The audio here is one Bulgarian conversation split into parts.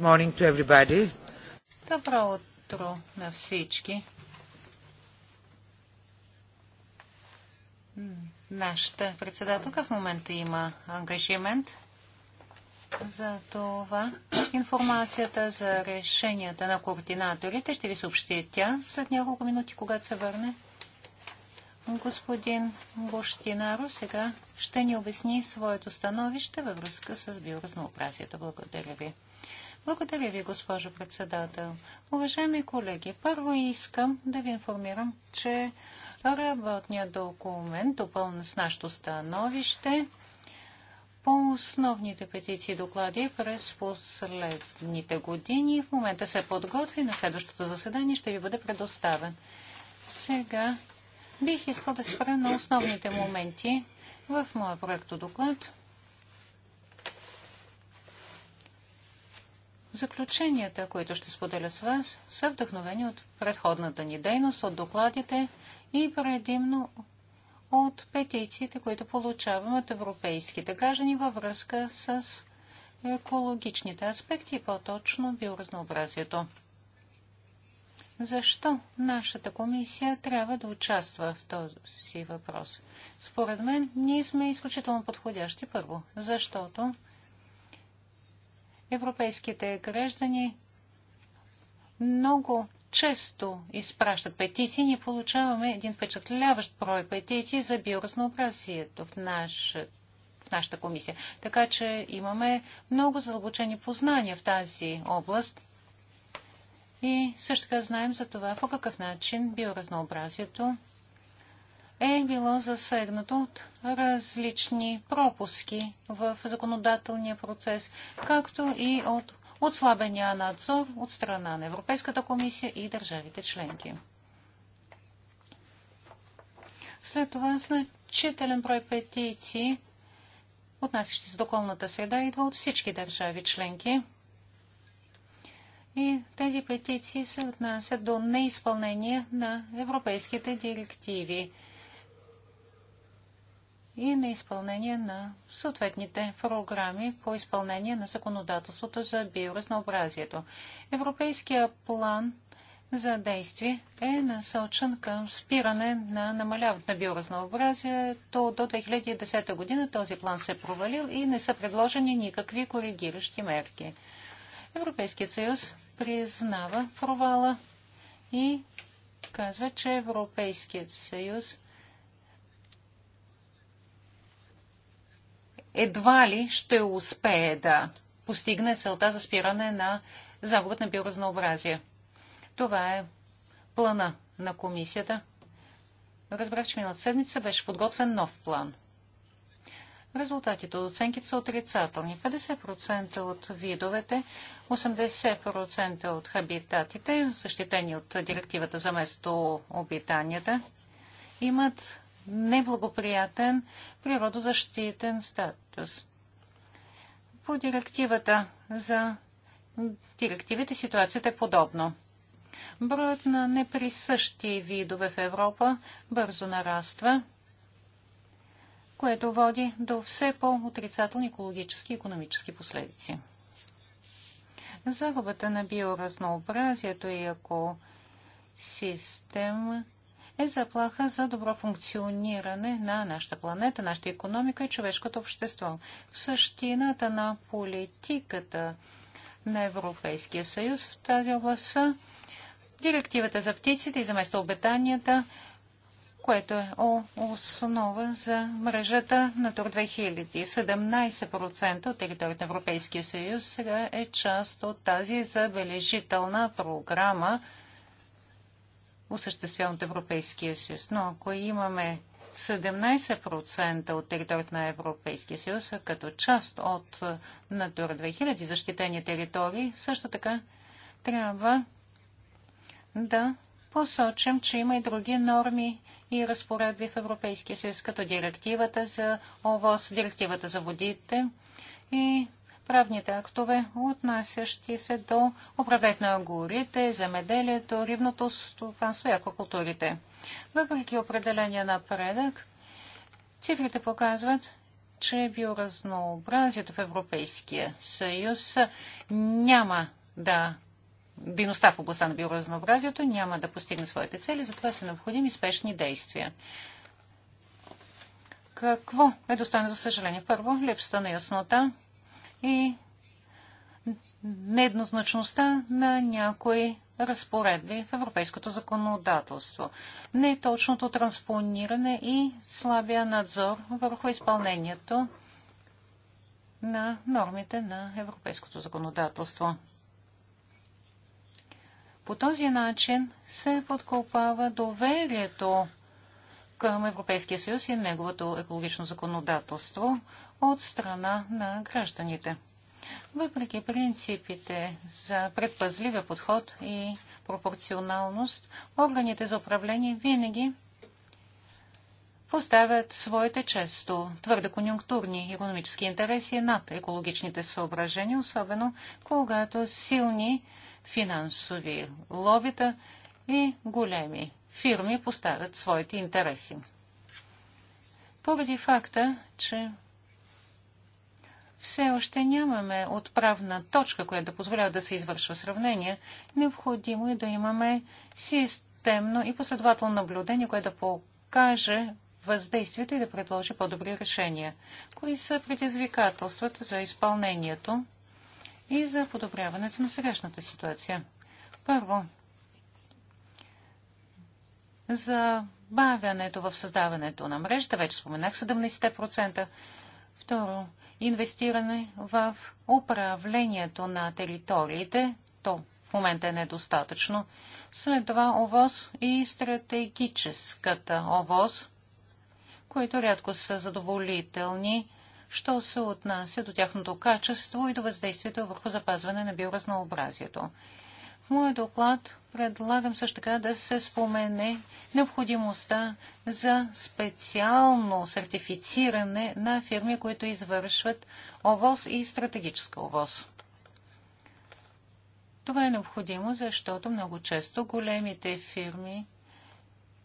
morning to everybody. Добро утро на всички. Нашата председателка в момента има ангажимент. За това информацията за решенията на координаторите ще ви съобщи тя след няколко минути, когато се върне. Господин Бощинаро сега ще ни обясни своето становище във връзка с биоразнообразието. Благодаря ви. Благодаря ви, госпожо председател. Уважаеми колеги, първо искам да ви информирам, че работният документ, допълнен с нашето становище, по основните петиции доклади през последните години. В момента се подготви. На следващото заседание ще ви бъде предоставен. Сега бих искал да спра на основните моменти в моя проекто доклад. Заключенията, които ще споделя с вас, са вдъхновени от предходната ни дейност, от докладите и предимно от петициите, които получаваме от европейските граждани във връзка с екологичните аспекти и по-точно биоразнообразието. Защо нашата комисия трябва да участва в този въпрос? Според мен, ние сме изключително подходящи първо, защото европейските граждани много често изпращат петиции. Ние получаваме един впечатляващ брой петиции за биоразнообразието в нашата нашата комисия. Така че имаме много задълбочени познания в тази област и също така знаем за това по какъв начин биоразнообразието е било засегнато от различни пропуски в законодателния процес, както и от отслабения надзор от страна на Европейската комисия и държавите членки. След това значителен брой петиции, отнасящи се до околната среда, идва от всички държави членки. И тези петиции се отнасят до неизпълнение на европейските директиви и на изпълнение на съответните програми по изпълнение на законодателството за биоразнообразието. Европейския план за действие е насочен към спиране на намаляването на биоразнообразието до 2010 година. Този план се е провалил и не са предложени никакви коригиращи мерки. Европейският съюз признава провала и казва, че Европейският съюз едва ли ще успее да постигне целта за спиране на загубът на биоразнообразие. Това е плана на комисията. Разбрах, че миналата седмица беше подготвен нов план. Резултатите от оценките са отрицателни. 50% от видовете, 80% от хабитатите, защитени от директивата за местообитанията, имат неблагоприятен природозащитен статус. По директивата за директивите ситуацията е подобно. Броят на неприсъщи видове в Европа бързо нараства, което води до все по-отрицателни екологически и економически последици. Загубата на биоразнообразието и система е заплаха за добро функциониране на нашата планета, нашата економика и човешкото общество. В същината на политиката на Европейския съюз в тази област са директивата за птиците и за местообитанията, което е основа за мрежата на Тур 2000. 17% от територията на Европейския съюз сега е част от тази забележителна програма, осъществяван от Европейския съюз. Но ако имаме 17% от територията на Европейския съюз като част от Натура 2000 защитени територии, също така трябва да посочим, че има и други норми и разпоредби в Европейския съюз, като директивата за ОВОС, директивата за водите и правните актове, отнасящи се до управлението на горите, земеделието, рибното стопанство и аквакултурите. Въпреки определения напредък, цифрите показват, че биоразнообразието в Европейския съюз няма да дейността в областта на биоразнообразието няма да постигне своите цели, затова са необходими спешни действия. Какво е достойно за съжаление? Първо, липсата на яснота и нееднозначността на някои разпоредби в европейското законодателство, неточното транспониране и слабия надзор върху изпълнението на нормите на европейското законодателство. По този начин се подкопава доверието към Европейския съюз и неговото екологично законодателство, от страна на гражданите. Въпреки принципите за предпазливия подход и пропорционалност, органите за управление винаги поставят своите често твърде конюнктурни економически интереси над екологичните съображения, особено когато силни финансови лобита и големи фирми поставят своите интереси. Поради факта, че все още нямаме отправна точка, която да позволява да се извършва сравнение. Необходимо е да имаме системно и последователно наблюдение, което да покаже въздействието и да предложи по-добри решения. Кои са предизвикателствата за изпълнението и за подобряването на сегашната ситуация? Първо, за бавянето в създаването на мрежата, вече споменах 70%. Второ, инвестиране в управлението на териториите. То в момента е недостатъчно. След това ОВОз и стратегическата ОВОз, които рядко са задоволителни, що се отнася до тяхното качество и до въздействието върху запазване на биоразнообразието. Моят доклад предлагам също така да се спомене необходимостта за специално сертифициране на фирми, които извършват ОВОз и стратегическа ОВОз. Това е необходимо, защото много често големите фирми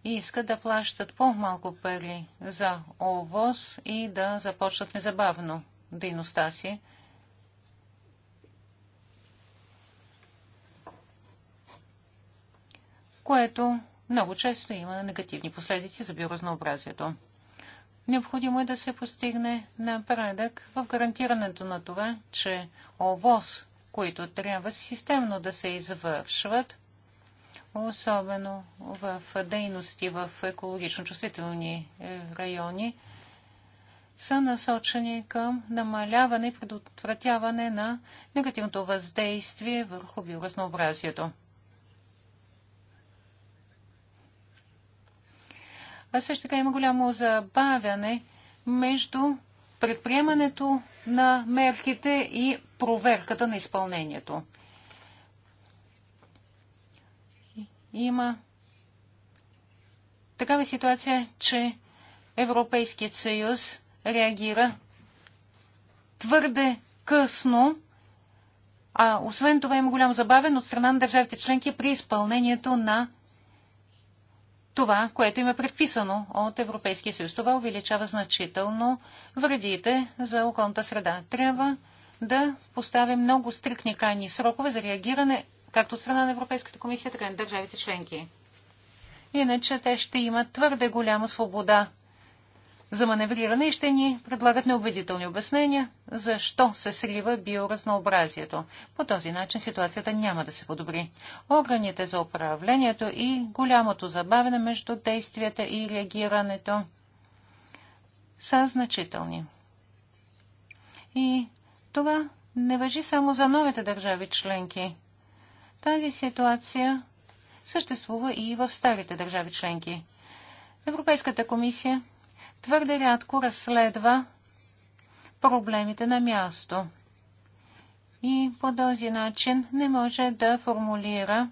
искат да плащат по-малко пари за ОВОз и да започнат незабавно дейността си което много често има негативни последици за биоразнообразието. Необходимо е да се постигне напредък в гарантирането на това, че ОВОз, които трябва системно да се извършват, особено в дейности в екологично чувствителни е, райони, са насочени към намаляване и предотвратяване на негативното въздействие върху биоразнообразието. а също така има голямо забавяне между предприемането на мерките и проверката на изпълнението. Има такава ситуация, че Европейският съюз реагира твърде късно, а освен това има голям забавен от страна на държавите членки при изпълнението на това, което им е предписано от Европейския съюз. Това увеличава значително вредите за околната среда. Трябва да поставим много стрикни крайни срокове за реагиране както от страна на Европейската комисия, така и на държавите членки. Иначе те ще имат твърде голяма свобода за маневриране и ще ни предлагат неубедителни обяснения, защо се срива биоразнообразието. По този начин ситуацията няма да се подобри. Органите за управлението и голямото забавене между действията и реагирането са значителни. И това не въжи само за новите държави членки. Тази ситуация съществува и в старите държави членки. Европейската комисия твърде рядко разследва проблемите на място и по този начин не може да формулира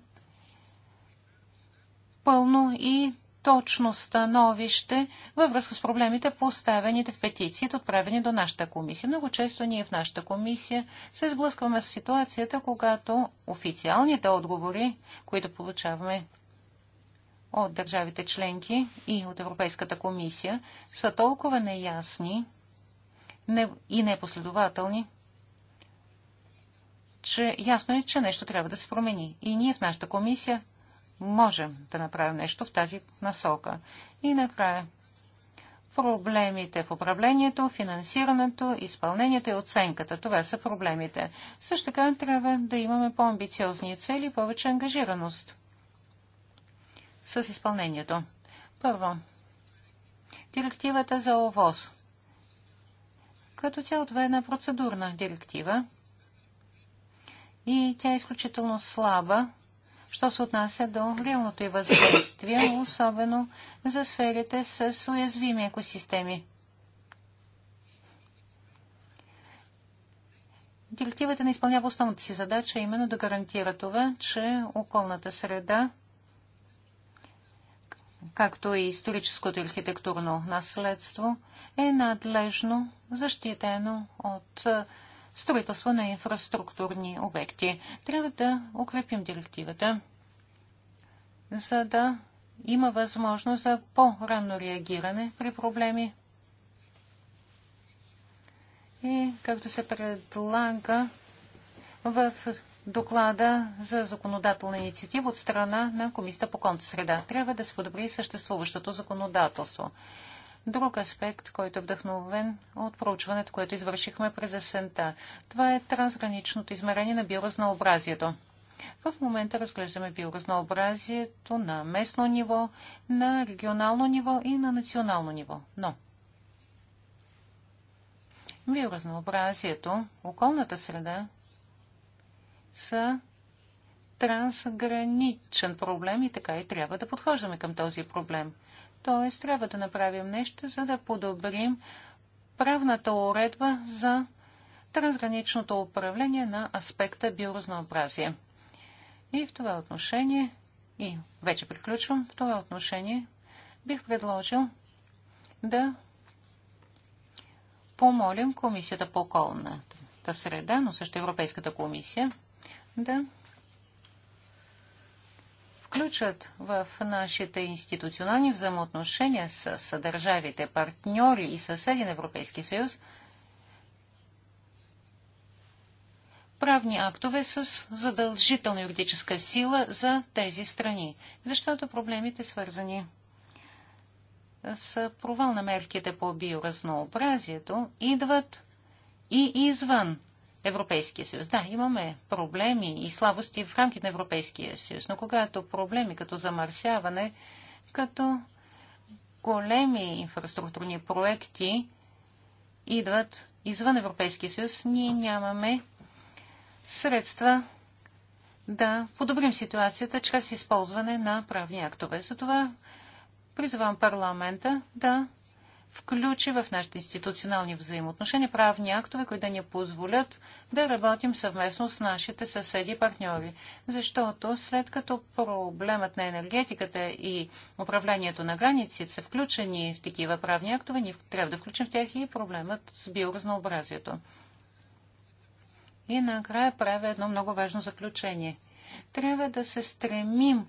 пълно и точно становище във връзка с проблемите, поставените в петициите, отправени до нашата комисия. Много често ние в нашата комисия се сблъскваме с ситуацията, когато официалните отговори, които получаваме от държавите членки и от Европейската комисия са толкова неясни и непоследователни, че ясно е, че нещо трябва да се промени. И ние в нашата комисия можем да направим нещо в тази насока. И накрая проблемите в управлението, финансирането, изпълнението и оценката. Това са проблемите. Също така трябва да имаме по-амбициозни цели и повече ангажираност с изпълнението. Първо, директивата за ОВОз. Като цяло това е една процедурна директива и тя е изключително слаба, що се отнася до реалното и въздействие, особено за сферите с уязвими екосистеми. Директивата не изпълнява основната си задача, именно да гарантира това, че околната среда – както и историческото архитектурно наследство, е надлежно защитено от строителство на инфраструктурни обекти. Трябва да укрепим директивата, за да има възможност за по-ранно реагиране при проблеми. И както се предлага в доклада за законодателна инициатива от страна на Комисията по конта среда. Трябва да се подобри съществуващото законодателство. Друг аспект, който е вдъхновен от проучването, което извършихме през есента, това е трансграничното измерение на биоразнообразието. В момента разглеждаме биоразнообразието на местно ниво, на регионално ниво и на национално ниво. Но биоразнообразието, околната среда, са трансграничен проблем и така и трябва да подхождаме към този проблем. Тоест, трябва да направим нещо, за да подобрим правната уредба за трансграничното управление на аспекта биоразнообразие. И в това отношение, и вече приключвам, в това отношение бих предложил да помолим Комисията по околната среда, но също Европейската комисия, да включат в нашите институционални взаимоотношения с държавите, партньори и съседи на съюз правни актове с задължителна юридическа сила за тези страни, защото проблемите свързани с провал на мерките по биоразнообразието идват и извън Европейския съюз. Да, имаме проблеми и слабости в рамките на Европейския съюз, но когато проблеми като замърсяване, като големи инфраструктурни проекти идват извън Европейския съюз, ние нямаме средства да подобрим ситуацията чрез използване на правни актове. Затова призвам парламента да включи в нашите институционални взаимоотношения правни актове, които да ни позволят да работим съвместно с нашите съседи и партньори. Защото след като проблемът на енергетиката и управлението на границите са включени в такива правни актове, ние трябва да включим в тях и проблемът с биоразнообразието. И накрая правя едно много важно заключение. Трябва да се стремим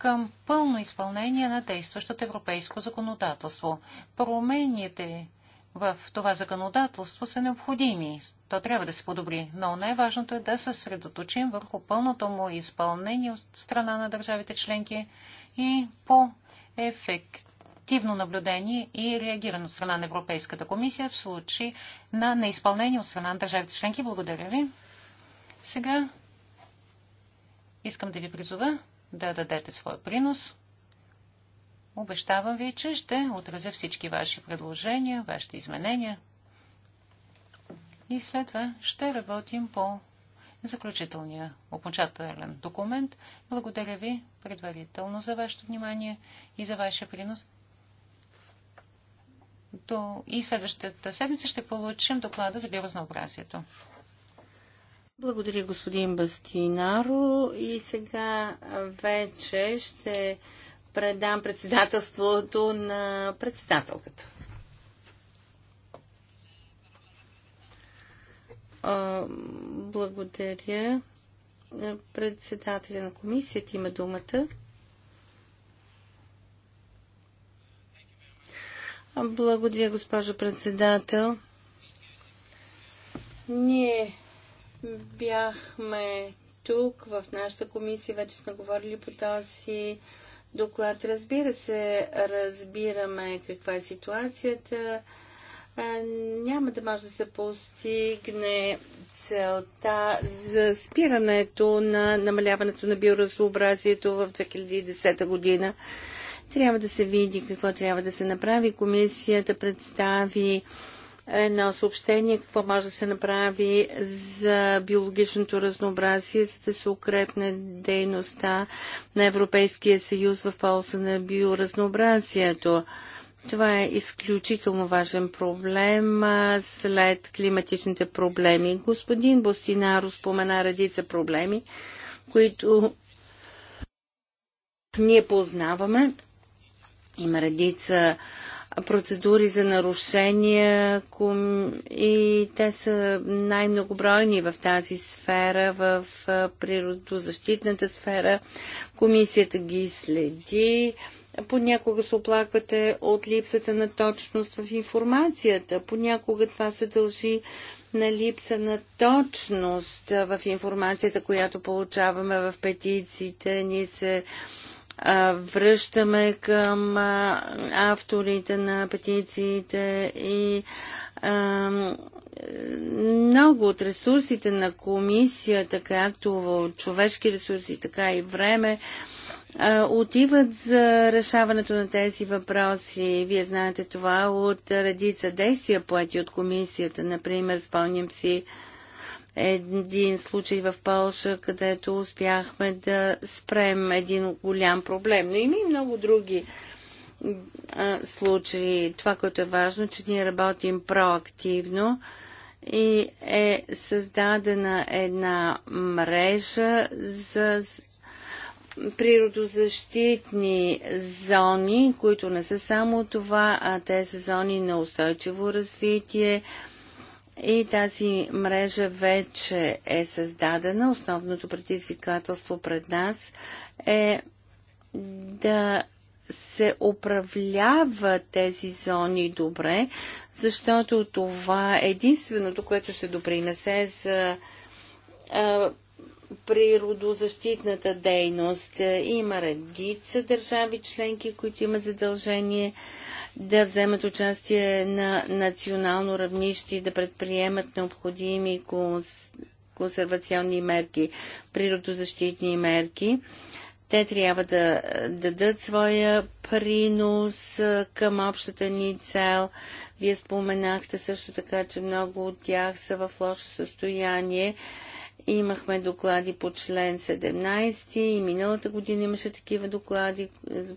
към пълно изпълнение на действащото европейско законодателство. Промените в това законодателство са необходими. То трябва да се подобри, но най-важното е да се средоточим върху пълното му изпълнение от страна на държавите членки и по ефективно наблюдение и реагиране от страна на Европейската комисия в случай на неизпълнение от страна на държавите членки. Благодаря ви. Сега искам да ви призова да дадете своя принос. Обещавам ви, че ще отразя всички ваши предложения, вашите изменения. И след това ще работим по заключителния окончателен документ. Благодаря ви предварително за вашето внимание и за вашия принос. До... И следващата седмица ще получим доклада за биоразнообразието. Благодаря, господин Бастинаро. И сега вече ще предам председателството на председателката. Благодаря. Председателя на комисията има думата. Благодаря, госпожо председател. Ние Бяхме тук, в нашата комисия, вече сме говорили по този доклад. Разбира се, разбираме каква е ситуацията. Няма да може да се постигне целта за спирането на намаляването на биоразнообразието в 2010 година. Трябва да се види какво трябва да се направи. Комисията представи едно съобщение какво може да се направи за биологичното разнообразие, за да се укрепне дейността на Европейския съюз в полза на биоразнообразието. Това е изключително важен проблем след климатичните проблеми. Господин Бостинаро спомена редица проблеми, които ние познаваме. Има редица процедури за нарушения и те са най-многобройни в тази сфера, в природозащитната сфера. Комисията ги следи. Понякога се оплаквате от липсата на точност в информацията. Понякога това се дължи на липса на точност в информацията, която получаваме в петициите. Ние се връщаме към авторите на петициите и много от ресурсите на комисията, както човешки ресурси, така и време, отиват за решаването на тези въпроси. Вие знаете това от редица действия, поети от комисията. Например, спомням си един случай в Пълша, където успяхме да спрем един голям проблем. Но има и много други а, случаи. Това, което е важно, че ние работим проактивно и е създадена една мрежа за природозащитни зони, които не са само това, а те са зони на устойчиво развитие, и тази мрежа вече е създадена. Основното предизвикателство пред нас е да се управлява тези зони добре, защото това е единственото, което ще допринесе за природозащитната дейност. Има редица държави членки, които имат задължение да вземат участие на национално равнище и да предприемат необходими консервационни мерки, природозащитни мерки. Те трябва да дадат своя принос към общата ни цел. Вие споменахте също така, че много от тях са в лошо състояние. Имахме доклади по член 17 и миналата година имаше такива доклади.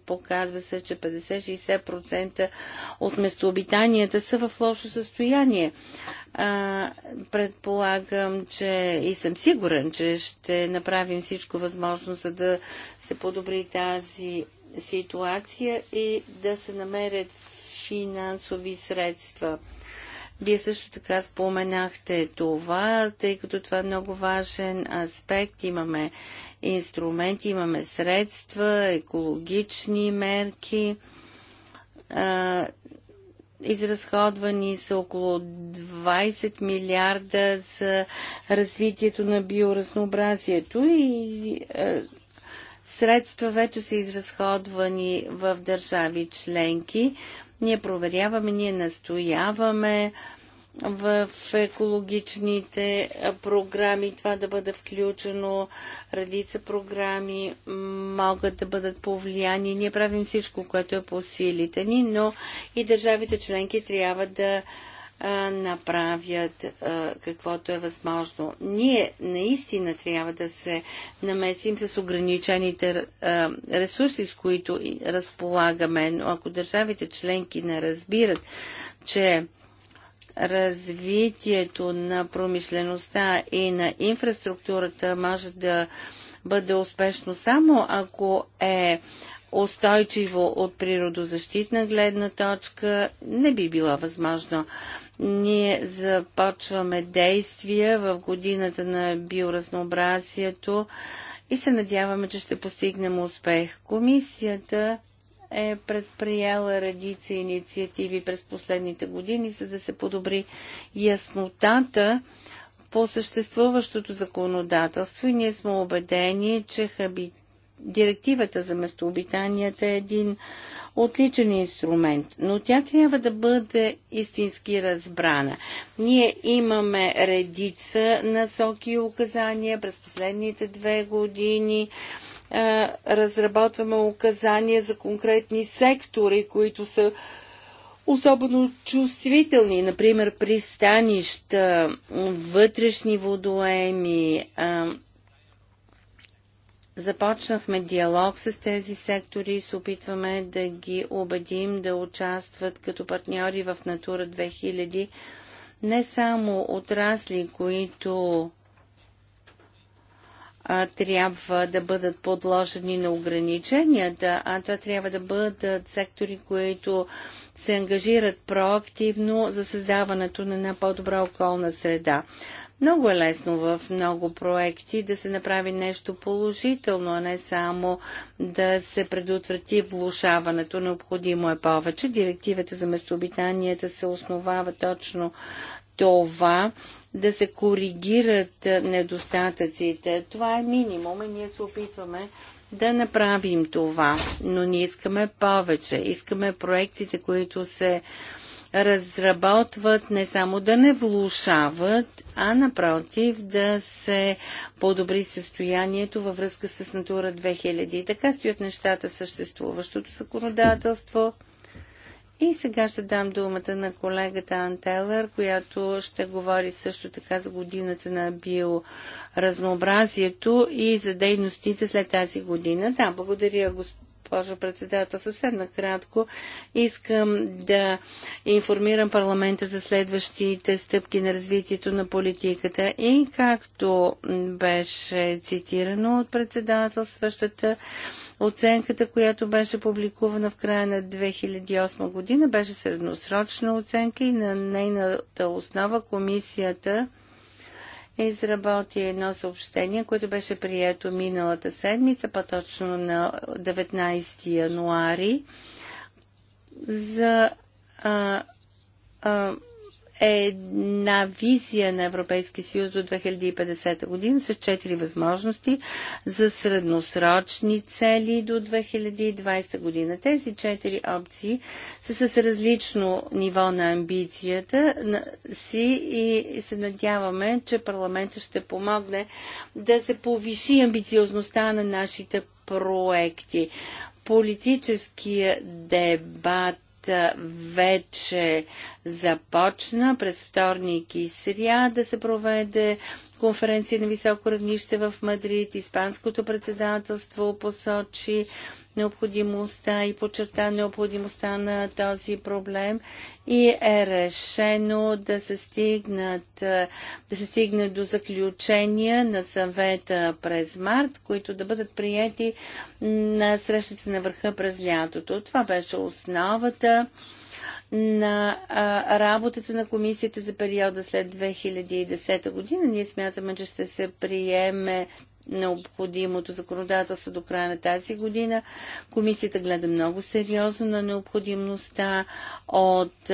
Показва се, че 50-60% от местообитанията са в лошо състояние. А, предполагам, че и съм сигурен, че ще направим всичко възможно, за да се подобри тази ситуация и да се намерят финансови средства. Вие също така споменахте това, тъй като това е много важен аспект. Имаме инструменти, имаме средства, екологични мерки. изразходвани са около 20 милиарда за развитието на биоразнообразието и средства вече са изразходвани в държави членки. Ние проверяваме, ние настояваме в екологичните програми, това да бъде включено, редица програми могат да бъдат повлияни. Ние правим всичко, което е по силите ни, но и държавите членки трябва да направят каквото е възможно. Ние наистина трябва да се намесим с ограничените ресурси, с които разполагаме, но ако държавите членки не разбират, че развитието на промишлеността и на инфраструктурата може да бъде успешно само ако е устойчиво от природозащитна гледна точка, не би било възможно. Ние започваме действия в годината на биоразнообразието и се надяваме, че ще постигнем успех. Комисията е предприяла редица инициативи през последните години, за да се подобри яснотата по съществуващото законодателство и ние сме убедени, че хаби... директивата за местообитанията е един отличен инструмент, но тя трябва да бъде истински разбрана. Ние имаме редица насоки и указания през последните две години разработваме указания за конкретни сектори, които са особено чувствителни, например пристанища, вътрешни водоеми. Започнахме диалог с тези сектори и се опитваме да ги убедим да участват като партньори в Натура 2000 не само отрасли, които трябва да бъдат подложени на ограниченията, а това трябва да бъдат сектори, които се ангажират проактивно за създаването на една по-добра околна среда. Много е лесно в много проекти да се направи нещо положително, а не само да се предотврати влушаването. Необходимо е повече. Директивата за местообитанията се основава точно това да се коригират недостатъците. Това е минимум и ние се опитваме да направим това, но ние искаме повече. Искаме проектите, които се разработват не само да не влушават, а напротив да се подобри състоянието във връзка с Натура 2000. И така стоят нещата в съществуващото законодателство. И сега ще дам думата на колегата Антелър, която ще говори също така за годината на биоразнообразието и за дейностите след тази година. Да, благодаря, господин госпожо председател. Съвсем накратко искам да информирам парламента за следващите стъпки на развитието на политиката и както беше цитирано от председателстващата Оценката, която беше публикувана в края на 2008 година, беше средносрочна оценка и на нейната основа комисията изработи едно съобщение, което беше прието миналата седмица, по-точно на 19 януари, за а, а, една визия на Европейския съюз до 2050 година с четири възможности за средносрочни цели до 2020 година. Тези четири опции са с различно ниво на амбицията си и се надяваме, че парламентът ще помогне да се повиши амбициозността на нашите проекти политическия дебат вече започна. През вторник и сряда се проведе конференция на високо равнище в Мадрид. Испанското председателство посочи необходимостта и подчерта необходимостта на този проблем и е решено да се, стигнат, е, да се стигне до заключения на съвета през март, които да бъдат приети на срещата на върха през лятото. Това беше основата на работата на комисията за периода след 2010 година. Ние смятаме, че ще се приеме необходимото законодателство до края на тази година. Комисията гледа много сериозно на необходимостта от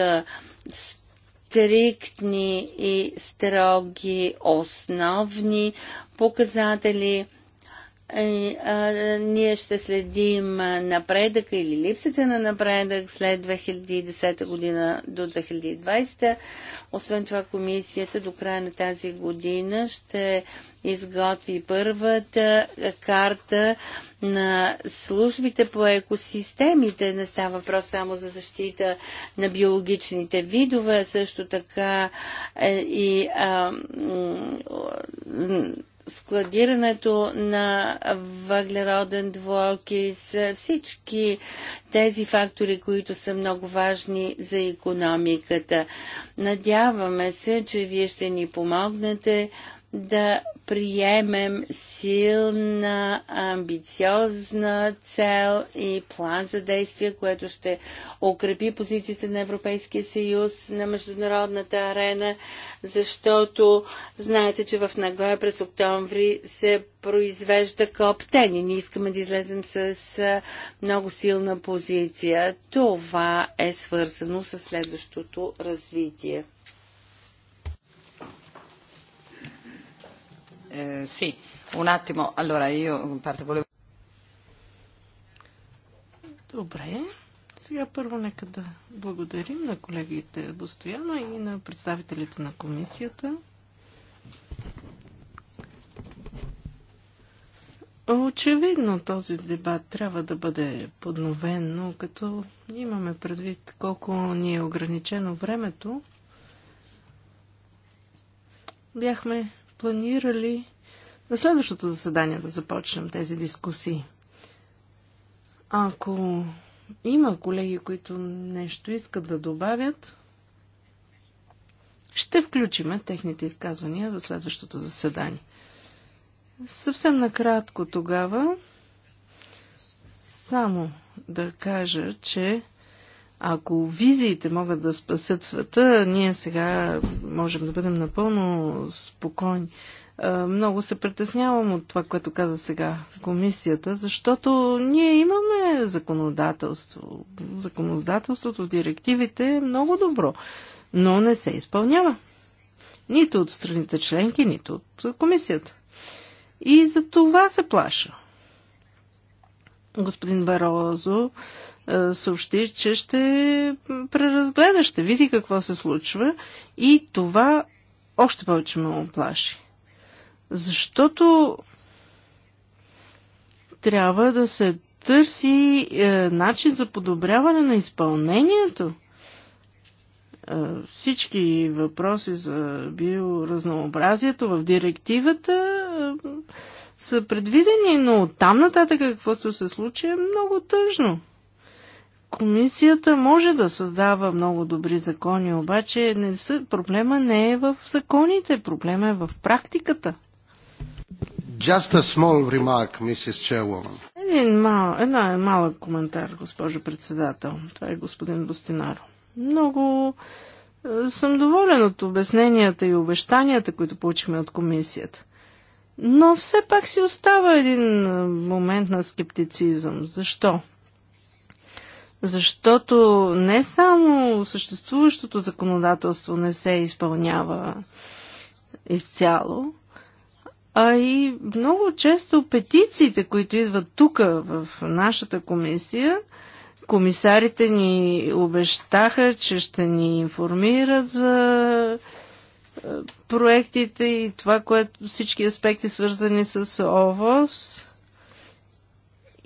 стриктни и строги основни показатели – е, ние ще следим напредък или липсата на напредък след 2010 година до 2020. Освен това, комисията до края на тази година ще изготви първата карта на службите по екосистемите. Не става въпрос само за защита на биологичните видове, също така е, и а, складирането на въглероден двуокис, всички тези фактори, които са много важни за економиката. Надяваме се, че вие ще ни помогнете да приемем силна, амбициозна цел и план за действие, което ще укрепи позицията на Европейския съюз на международната арена, защото знаете, че в Нагоя през октомври се произвежда коптен и ние искаме да излезем с много силна позиция. Това е свързано с следващото развитие. Eh, sì, un attimo, allora io parte volevo... Добре. Сега първо нека да благодарим на колегите Бостояна и на представителите на комисията. Очевидно този дебат трябва да бъде подновен, но като имаме предвид колко ни е ограничено времето, бяхме планирали на следващото заседание да започнем тези дискусии. Ако има колеги, които нещо искат да добавят, ще включиме техните изказвания за следващото заседание. Съвсем накратко тогава, само да кажа, че ако визиите могат да спасят света, ние сега можем да бъдем напълно спокойни. Много се притеснявам от това, което каза сега комисията, защото ние имаме законодателство. Законодателството, директивите е много добро, но не се изпълнява. Нито от страните членки, нито от комисията. И за това се плаша. Господин Барозо, е, съобщи, че ще преразгледа, ще види какво се случва и това още повече ме оплаши. Защото трябва да се търси е, начин за подобряване на изпълнението. Е, всички въпроси за биоразнообразието в директивата е, са предвидени, но там нататък каквото се случи е много тъжно. Комисията може да създава много добри закони, обаче не са, проблема не е в законите, проблема е в практиката. Just a small remark, Mrs. Chairwoman. Един мал, една е малък коментар, госпожо председател. Това е господин Бостинаро. Много е, съм доволен от обясненията и обещанията, които получихме от комисията. Но все пак си остава един е, момент на скептицизъм. Защо? Защото не само съществуващото законодателство не се изпълнява изцяло, а и много често петициите, които идват тук в нашата комисия, комисарите ни обещаха, че ще ни информират за е, проектите и това, което всички аспекти свързани с ОВОС.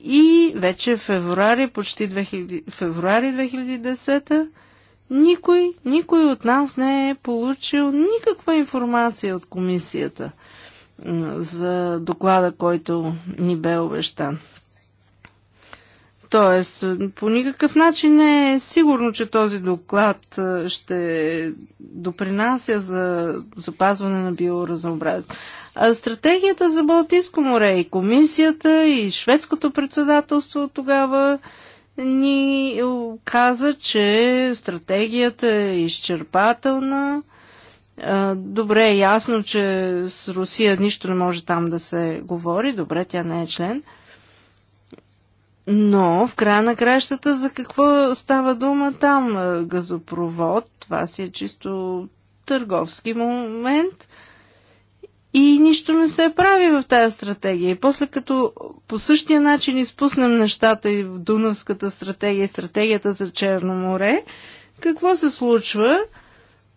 И вече февруари, почти 2000, февруари 2010 никой, никой от нас не е получил никаква информация от комисията за доклада, който ни бе обещан. Тоест, по никакъв начин не е сигурно, че този доклад ще допринася за запазване на биоразнообразието. Стратегията за Балтийско море и комисията и шведското председателство тогава ни каза, че стратегията е изчерпателна. Добре е ясно, че с Русия нищо не може там да се говори. Добре, тя не е член. Но в края на кращата за какво става дума там? Газопровод, това си е чисто търговски момент – и нищо не се прави в тази стратегия. И после като по същия начин изпуснем нещата и в Дунавската стратегия и стратегията за Черно море, какво се случва?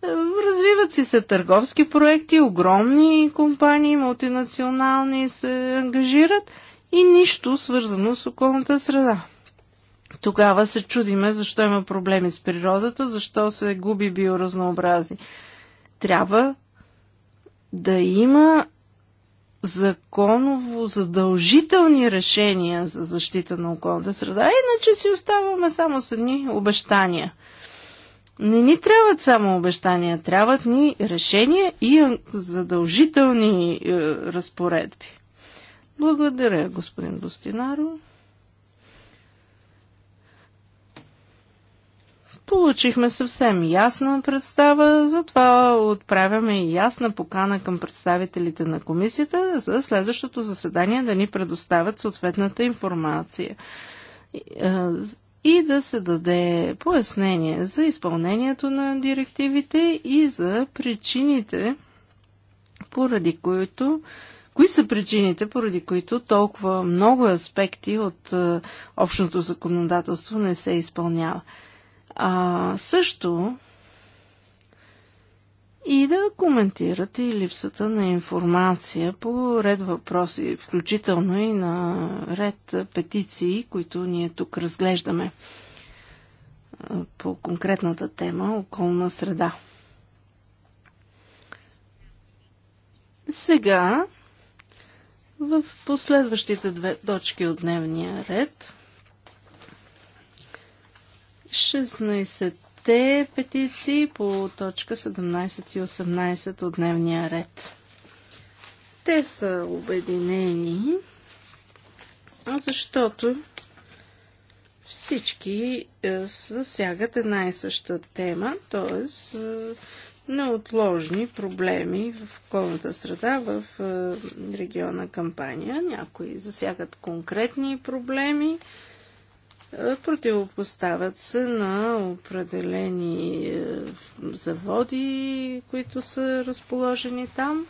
Е, развиват си се търговски проекти, огромни компании, мултинационални се ангажират и нищо свързано с околната среда. Тогава се чудиме защо има проблеми с природата, защо се губи биоразнообразие. Трябва да има законово задължителни решения за защита на околната среда, иначе си оставаме само с едни обещания. Не ни трябват само обещания, трябват ни решения и задължителни е, разпоредби. Благодаря, господин Бостинаров. Получихме съвсем ясна представа, затова отправяме и ясна покана към представителите на комисията за следващото заседание да ни предоставят съответната информация и да се даде пояснение за изпълнението на директивите и за причините, поради които Кои са причините, поради които толкова много аспекти от общото законодателство не се изпълнява? А също и да коментирате и липсата на информация по ред въпроси, включително и на ред петиции, които ние тук разглеждаме по конкретната тема околна среда. Сега в последващите две точки от дневния ред 16-те петиции по точка 17 и 18 от дневния ред. Те са обединени, защото всички е, засягат една и съща тема, т.е. Е, неотложни проблеми в околната среда в е, региона кампания. Някои засягат конкретни проблеми, противопоставят се на определени е, заводи, които са разположени там.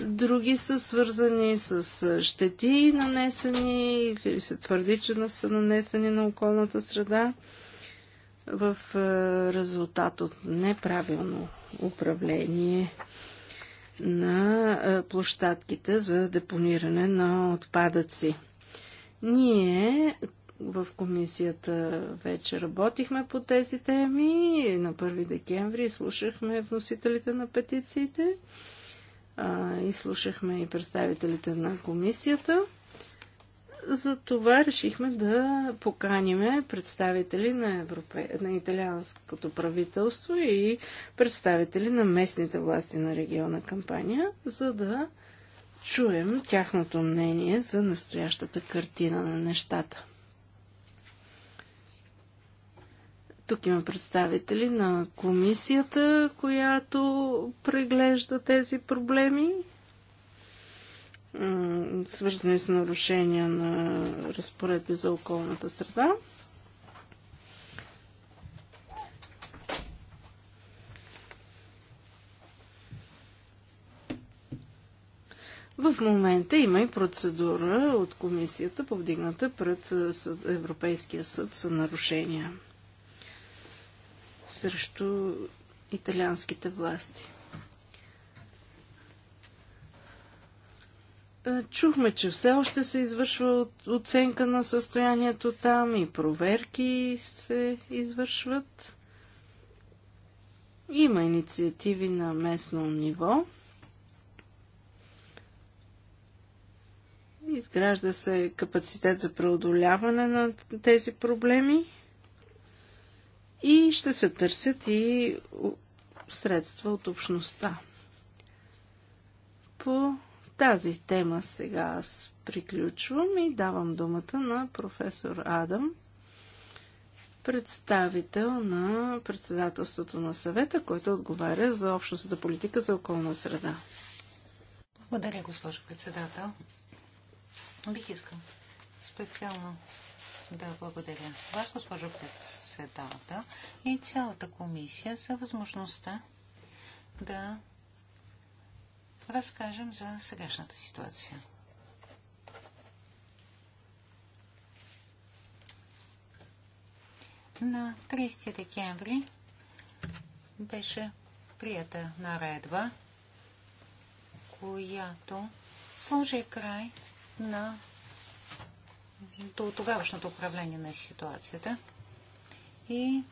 Други са свързани с е, щети, нанесени или се твърди, че са нанесени на околната среда в е, резултат от неправилно управление на площадките за депониране на отпадъци. Ние в комисията вече работихме по тези теми. На 1 декември слушахме вносителите на петициите и слушахме и представителите на комисията. За това решихме да поканиме представители на, Европе... на италианското правителство и представители на местните власти на региона кампания, за да чуем тяхното мнение за настоящата картина на нещата. Тук има представители на комисията, която преглежда тези проблеми, свързани с нарушения на разпоредби за околната среда. В момента има и процедура от комисията, повдигната пред Европейския съд за нарушения срещу италианските власти. Е, чухме, че все още се извършва оценка на състоянието там и проверки се извършват. Има инициативи на местно ниво. Изгражда се капацитет за преодоляване на тези проблеми и ще се търсят и средства от общността. По тази тема сега аз приключвам и давам думата на професор Адам, представител на председателството на съвета, който отговаря за общностната политика за околна среда. Благодаря, госпожо председател. Бих искал специално да благодаря вас, госпожо председател Светата и цялата комисия за възможността да разкажем за сегашната ситуация. На 30 декември беше прията наредба, която сложи край на до тогавашното управление на ситуацията и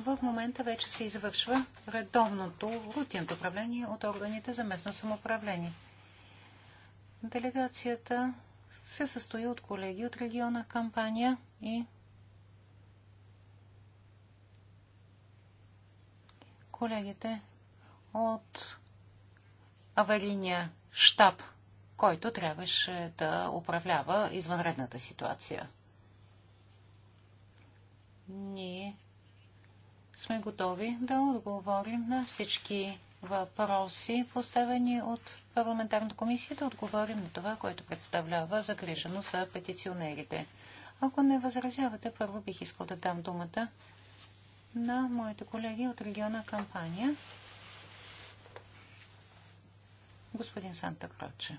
в момента вече се извършва редовното, рутинното управление от органите за местно самоуправление. Делегацията се състои от колеги от региона Кампания и колегите от аварийния штаб, който трябваше да управлява извънредната ситуация ние сме готови да отговорим на всички въпроси, поставени от парламентарната комисия, да отговорим на това, което представлява загрижено за петиционерите. Ако не възразявате, първо бих искал да дам думата на моите колеги от региона Кампания. Господин Санта Кроче.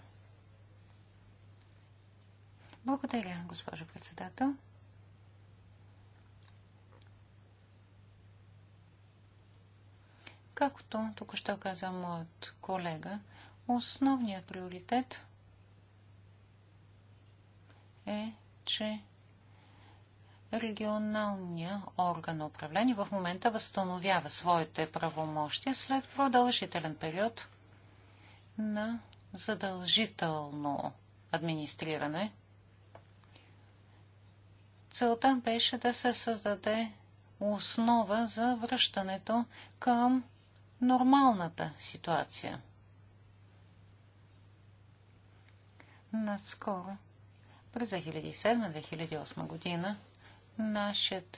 Благодаря, госпожо председател. Както току-що каза моят колега, основният приоритет е, че регионалния орган на управление в момента възстановява своите правомощия след продължителен период на задължително администриране. Целта беше да се създаде основа за връщането към нормалната ситуация. Наскоро, през 2007-2008 година, нашият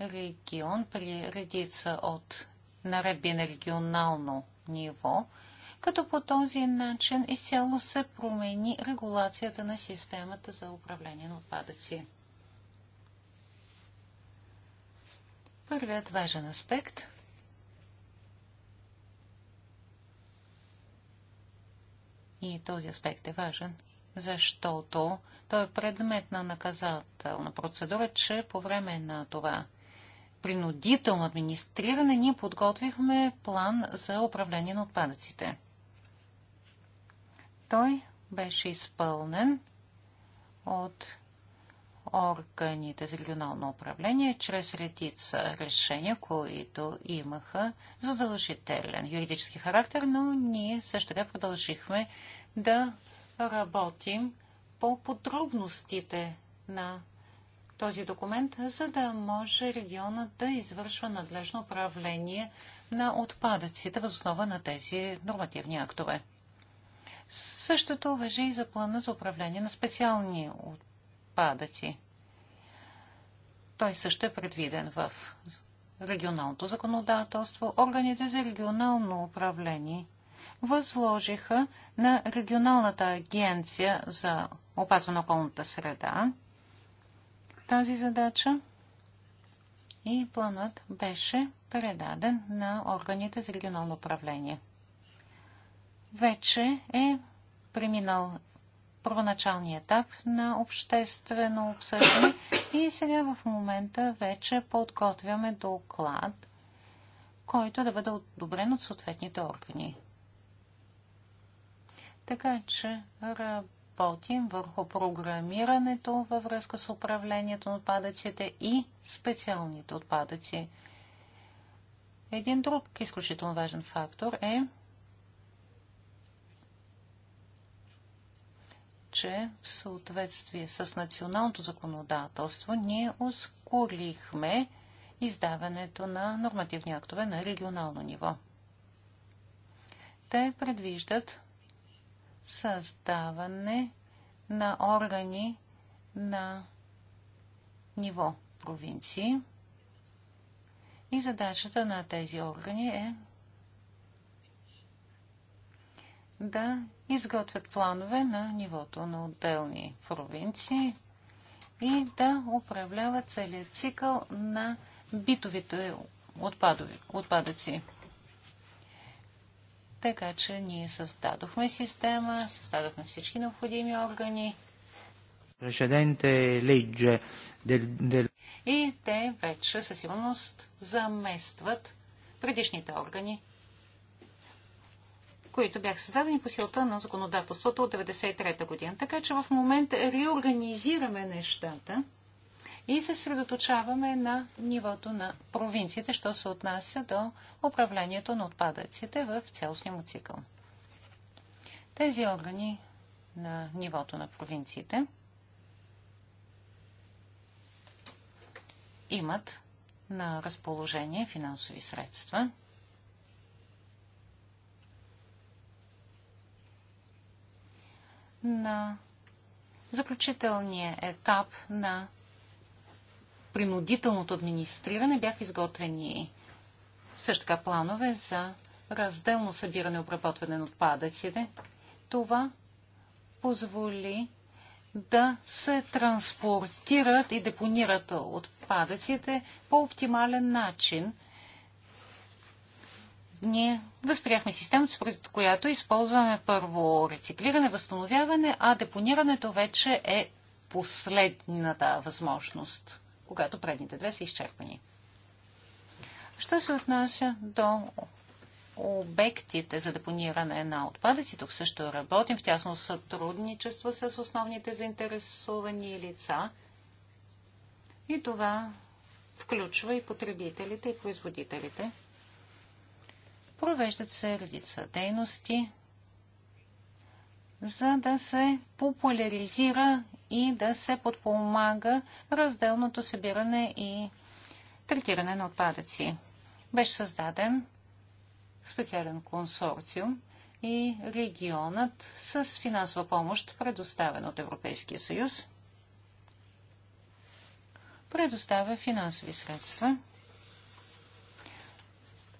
регион при редица от наредби на регионално ниво, като по този начин изцяло се промени регулацията на системата за управление на отпадъци. Първият важен аспект – И този аспект е важен, защото той е предмет на наказателна процедура, че по време на това принудително администриране ние подготвихме план за управление на отпадъците. Той беше изпълнен от органите за регионално управление чрез редица решения, които имаха задължителен юридически характер, но ние също така продължихме да работим по подробностите на този документ, за да може регионът да извършва надлежно управление на отпадъците възоснова на тези нормативни актове. Същото въжи и за плана за управление на специални отпадъци отпадъци. Той също е предвиден в регионалното законодателство. Органите за регионално управление възложиха на регионалната агенция за опазване на околната среда тази задача и планът беше предаден на органите за регионално управление. Вече е преминал първоначалния етап на обществено обсъждане и сега в момента вече подготвяме доклад, който да бъде одобрен от съответните органи. Така че работим върху програмирането във връзка с управлението на отпадъците и специалните отпадъци. Един друг изключително важен фактор е че в съответствие с националното законодателство ние ускорихме издаването на нормативни актове на регионално ниво. Те предвиждат създаване на органи на ниво провинции. И задачата на тези органи е да изготвят планове на нивото на отделни провинции и да управляват целият цикъл на битовите отпадови, отпадъци. Така че ние създадохме система, създадохме всички необходими органи. И те вече със сигурност заместват предишните органи които бяха създадени по силата на законодателството от 1993 година. Така че в момента реорганизираме нещата и се средоточаваме на нивото на провинциите, що се отнася до управлението на отпадъците в цялостния му цикъл. Тези органи на нивото на провинциите имат на разположение финансови средства – на заключителния етап на принудителното администриране бяха изготвени също така планове за разделно събиране и обработване на отпадъците. Това позволи да се транспортират и депонират отпадъците по оптимален начин – ние възприяхме системата, според която използваме първо рециклиране, възстановяване, а депонирането вече е последната възможност, когато предните две са изчерпани. Що се отнася до обектите за депониране на отпадъци. Тук също работим в тясно сътрудничество с основните заинтересовани лица. И това включва и потребителите, и производителите. Провеждат се редица дейности, за да се популяризира и да се подпомага разделното събиране и третиране на отпадъци. Беше създаден специален консорциум и регионът с финансова помощ, предоставен от Европейския съюз, предоставя финансови средства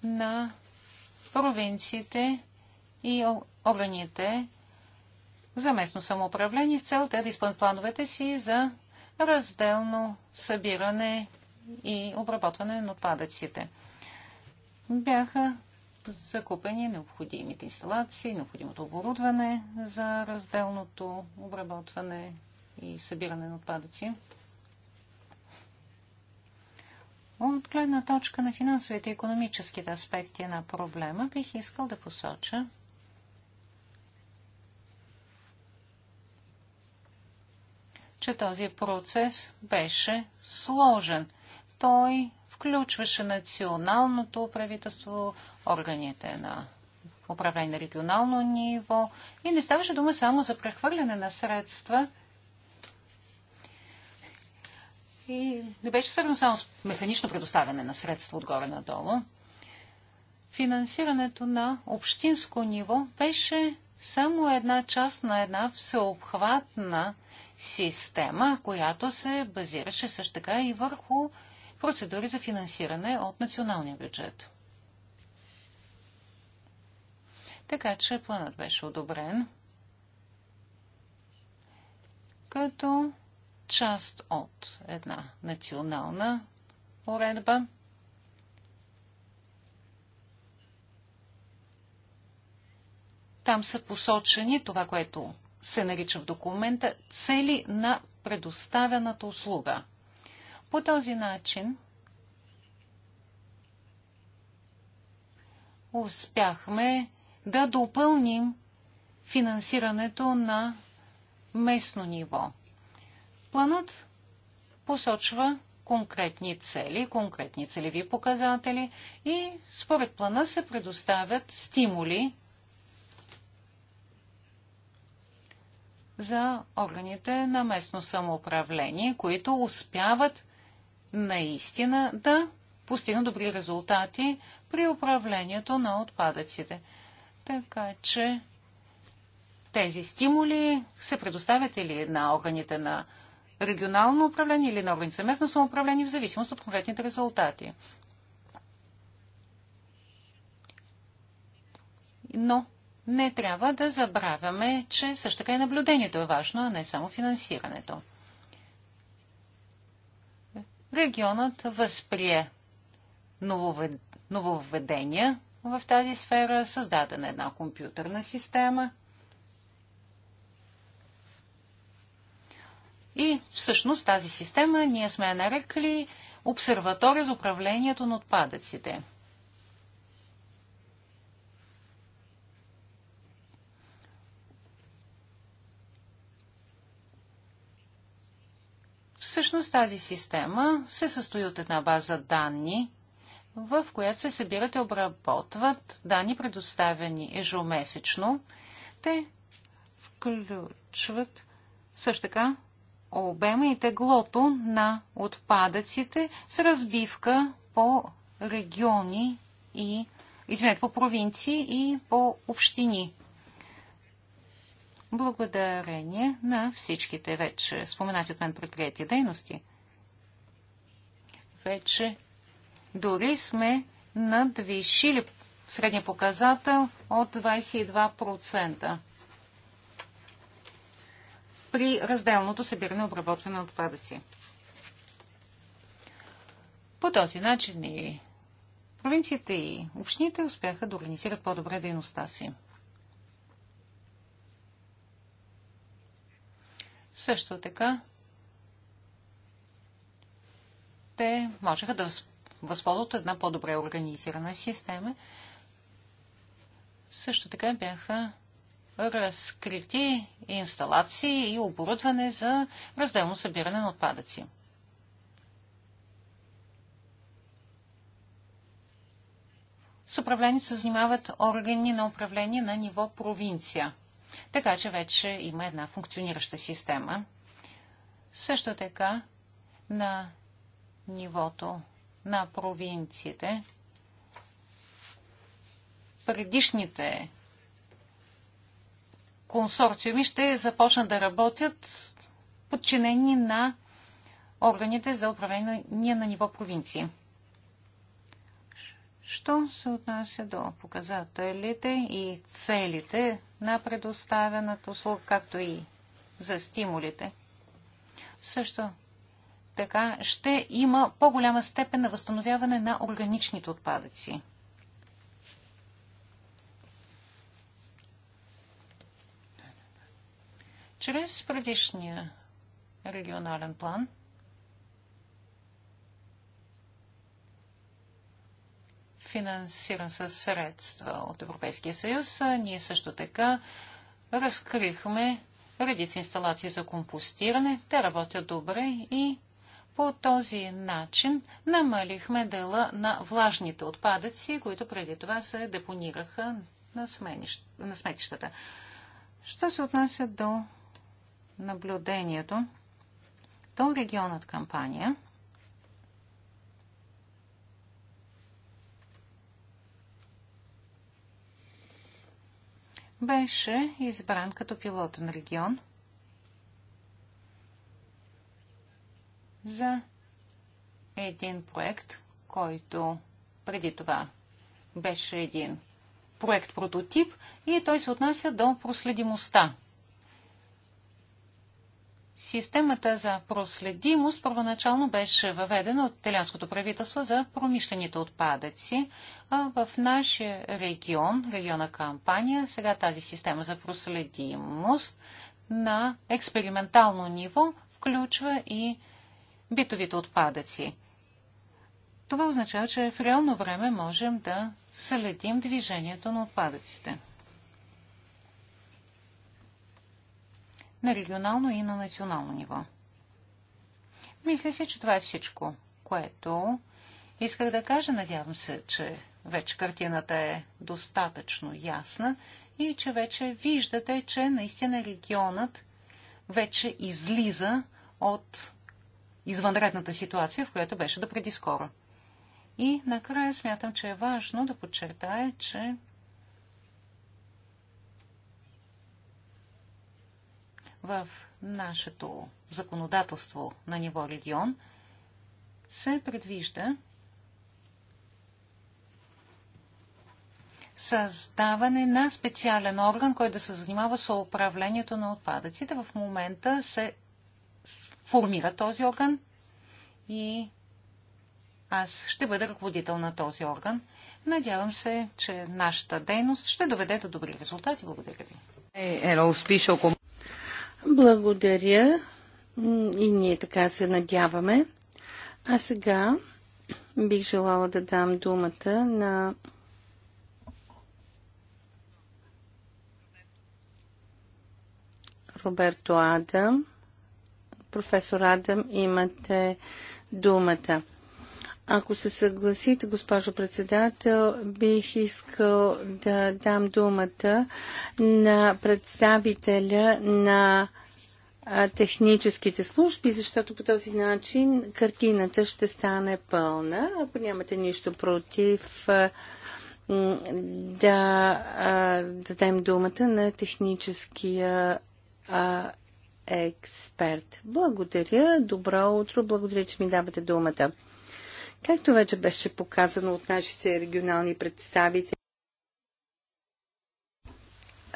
на провинциите и органите за местно самоуправление с цел те да изпълнят плановете си за разделно събиране и обработване на отпадъците. Бяха закупени необходимите инсталации, необходимото оборудване за разделното обработване и събиране на отпадъци. От гледна точка на финансовите и економическите аспекти на проблема бих искал да посоча, че този процес беше сложен. Той включваше националното правителство, органите на управление на регионално ниво и не ставаше дума само за прехвърляне на средства – и не беше свързано само с механично предоставяне на средства отгоре надолу. Финансирането на общинско ниво беше само една част на една всеобхватна система, която се базираше също така и върху процедури за финансиране от националния бюджет. Така че планът беше одобрен, като част от една национална уредба. Там са посочени това, което се нарича в документа цели на предоставената услуга. По този начин успяхме да допълним финансирането на местно ниво. Планът посочва конкретни цели, конкретни целеви показатели и според плана се предоставят стимули за органите на местно самоуправление, които успяват наистина да постигнат добри резултати при управлението на отпадъците. Така че тези стимули се предоставят или на органите на регионално управление или на органите за местно самоуправление в зависимост от конкретните резултати. Но не трябва да забравяме, че също така и наблюдението е важно, а не само финансирането. Регионът възприе нововведения в тази сфера, създадена една компютърна система – И всъщност тази система ние сме я нарекли обсерватория за управлението на отпадъците. Всъщност тази система се състои от една база данни, в която се събират и обработват данни, предоставени ежемесечно. Те включват също така обема и теглото на отпадъците с разбивка по региони и извинете, по провинции и по общини. Благодарение на всичките вече споменати от мен предприятия дейности, вече дори сме надвишили средния показател от 22% при разделното събиране и обработване на отпадъци. По този начин и провинциите и общините успяха да организират по-добре дейността си. Също така, те можеха да възползват една по-добре организирана система. Също така бяха разкрити инсталации и оборудване за разделно събиране на отпадъци. С управление се занимават органи на управление на ниво провинция. Така че вече има една функционираща система. Също така на нивото на провинциите предишните консорциуми ще започнат да работят подчинени на органите за управление на ниво провинции. Що се отнася до показателите и целите на предоставената услуга, както и за стимулите? Също така ще има по-голяма степен на възстановяване на органичните отпадъци. Чрез предишния регионален план финансиран със средства от Европейския съюз, ние също така разкрихме редица инсталации за компостиране. Те работят добре и по този начин намалихме дела на влажните отпадъци, които преди това се депонираха на, на сметищата. Що се отнася до наблюдението до регионът кампания беше избран като пилотен регион за един проект, който преди това беше един проект прототип и той се отнася до проследимостта. Системата за проследимост първоначално беше въведена от италианското правителство за промишлените отпадъци. А в нашия регион, региона Кампания, сега тази система за проследимост на експериментално ниво включва и битовите отпадъци. Това означава, че в реално време можем да следим движението на отпадъците. на регионално и на национално ниво. Мисля си, че това е всичко, което исках да кажа. Надявам се, че вече картината е достатъчно ясна и че вече виждате, че наистина регионът вече излиза от извънредната ситуация, в която беше допреди скоро. И накрая смятам, че е важно да подчертая, че в нашето законодателство на ниво регион се предвижда създаване на специален орган, който да се занимава с управлението на отпадъците. В момента се формира този орган и аз ще бъда ръководител на този орган. Надявам се, че нашата дейност ще доведе до добри резултати. Благодаря ви. Благодаря и ние така се надяваме. А сега бих желала да дам думата на Роберто Адам. Професор Адам, имате думата. Ако се съгласите, госпожо председател, бих искал да дам думата на представителя на техническите служби, защото по този начин картината ще стане пълна. Ако нямате нищо против, да дадем думата на техническия експерт. Благодаря, добро утро, благодаря, че ми давате думата. Както вече беше показано от нашите регионални представители,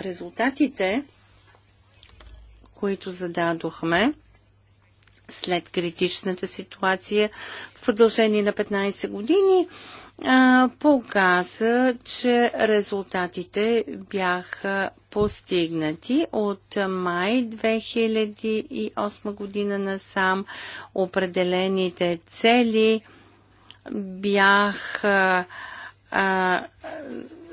резултатите, които зададохме след критичната ситуация в продължение на 15 години, показа, че резултатите бяха постигнати от май 2008 година насам определените цели бяха а,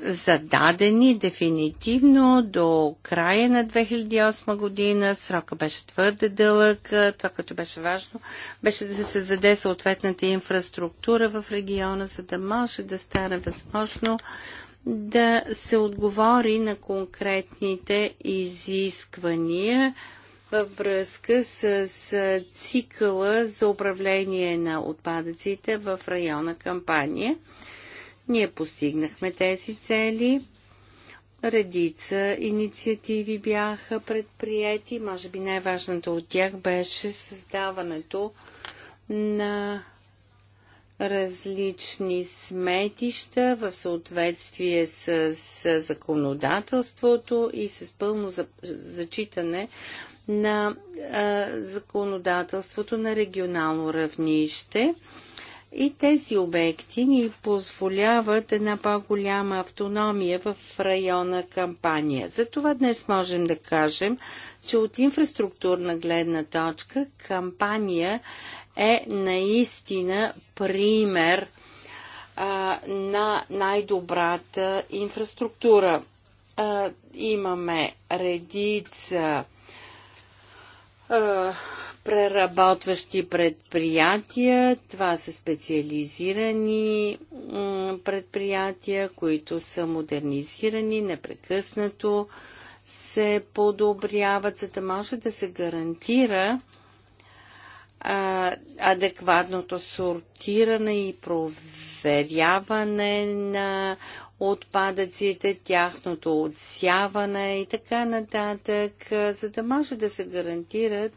зададени дефинитивно до края на 2008 година. Срока беше твърде дълъг. Това, като беше важно, беше да се създаде съответната инфраструктура в региона, за да може да стане възможно да се отговори на конкретните изисквания във връзка с, цикъла за управление на отпадъците в района кампания. Ние постигнахме тези цели. Редица инициативи бяха предприяти. Може би най-важната от тях беше създаването на различни сметища в съответствие с, законодателството и с пълно зачитане на а, законодателството на регионално равнище. И тези обекти ни позволяват една по-голяма автономия в района кампания. Затова днес можем да кажем, че от инфраструктурна гледна точка кампания е наистина пример а, на най-добрата инфраструктура. А, имаме редица преработващи предприятия. Това са специализирани предприятия, които са модернизирани непрекъснато се подобряват, за да може да се гарантира адекватното сортиране и проверяване на отпадъците, тяхното отсяване и така нататък, за да може да се гарантират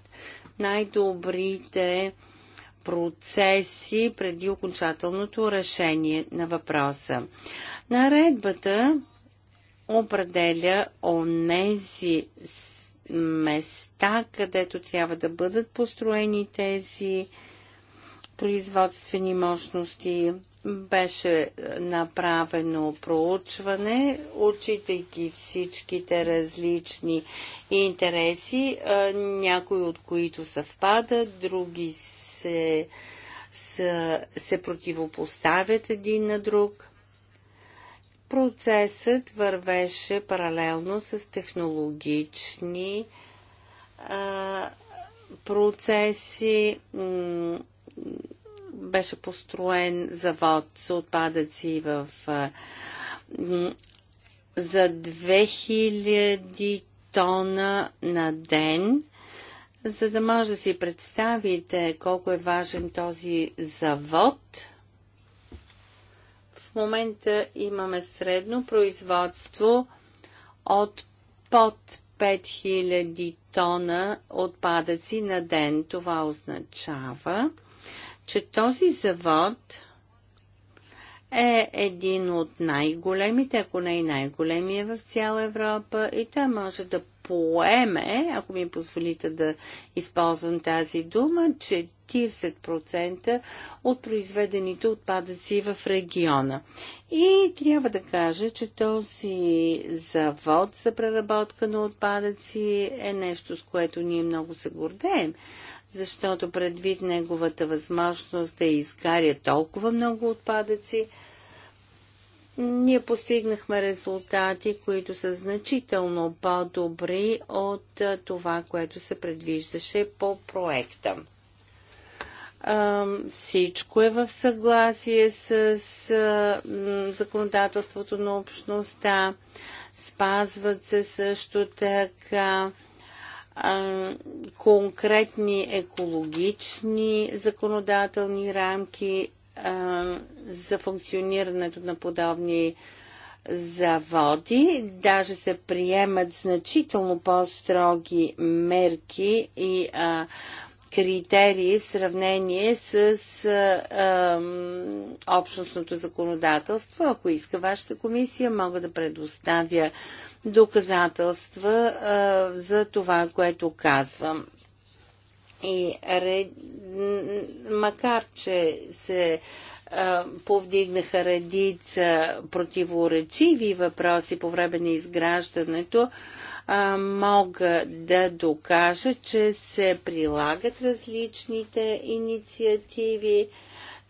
най-добрите процеси преди окончателното решение на въпроса. Наредбата определя онези места, където трябва да бъдат построени тези производствени мощности, беше направено проучване, отчитайки всичките различни интереси, някои от които съвпадат, други се, се, се противопоставят един на друг. Процесът вървеше паралелно с технологични а, процеси, беше построен завод за отпадъци в за 2000 тона на ден, за да може да си представите колко е важен този завод. В момента имаме средно производство от под 5000 тона отпадъци на ден. Това означава, че този завод е един от най-големите, ако не и най-големия в цяла Европа и той може да поеме, ако ми позволите да използвам тази дума, 40% от произведените отпадъци в региона. И трябва да кажа, че този завод за преработка на отпадъци е нещо, с което ние много се гордеем защото предвид неговата възможност да изгаря толкова много отпадъци, ние постигнахме резултати, които са значително по-добри от това, което се предвиждаше по проекта. Всичко е в съгласие с законодателството на общността. Спазват се също така конкретни екологични законодателни рамки за функционирането на подобни заводи. Даже се приемат значително по-строги мерки и а, критерии в сравнение с а, а, общностното законодателство. Ако иска вашата комисия, мога да предоставя доказателства а, за това, което казвам. И ре... макар, че се а, повдигнаха редица противоречиви въпроси по време на изграждането, а, мога да докажа, че се прилагат различните инициативи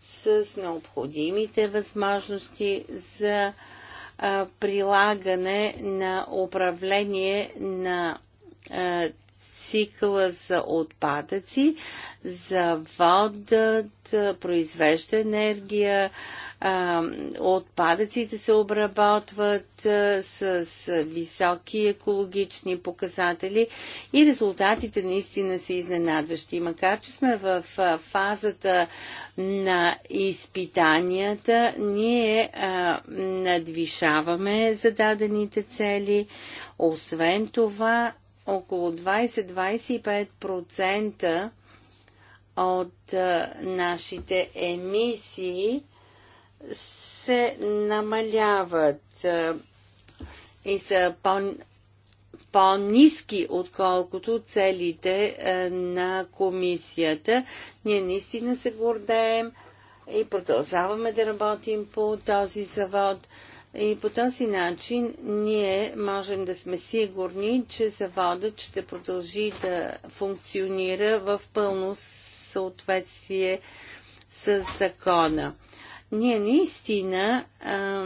с необходимите възможности за а, прилагане на управление на цикъла за отпадъци. за Заводът произвежда енергия, отпадъците се обработват с, високи екологични показатели и резултатите наистина са изненадващи. Макар, че сме в фазата на изпитанията, ние надвишаваме зададените цели. Освен това, около 20-25% от а, нашите емисии се намаляват и са по- по-низки, отколкото целите на комисията. Ние наистина се гордеем и продължаваме да работим по този завод. И по този начин ние можем да сме сигурни, че заводът ще продължи да функционира в пълно съответствие с закона. Ние наистина а,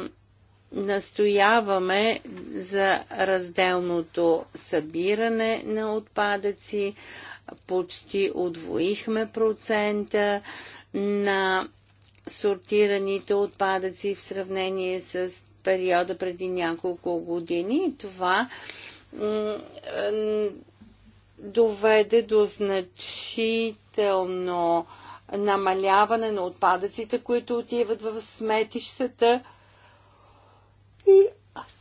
настояваме за разделното събиране на отпадъци. Почти отвоихме процента на сортираните отпадъци в сравнение с периода преди няколко години. И това доведе до значително намаляване на отпадъците, които отиват в сметищата. И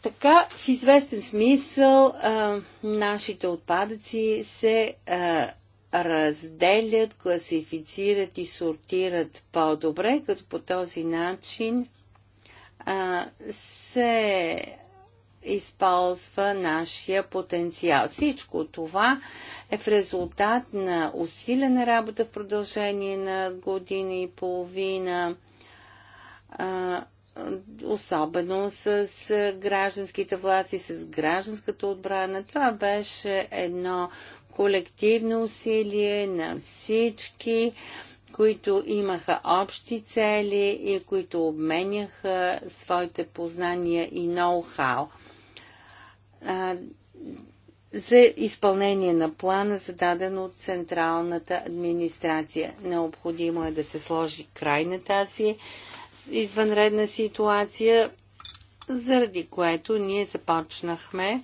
така, в известен смисъл, а, нашите отпадъци се а, разделят, класифицират и сортират по-добре, като по този начин а, се използва нашия потенциал. Всичко това е в резултат на усилена работа в продължение на година и половина, особено с гражданските власти, с гражданската отбрана. Това беше едно колективно усилие на всички които имаха общи цели и които обменяха своите познания и ноу-хау а, за изпълнение на плана, зададен от Централната администрация. Необходимо е да се сложи край на тази извънредна ситуация, заради което ние започнахме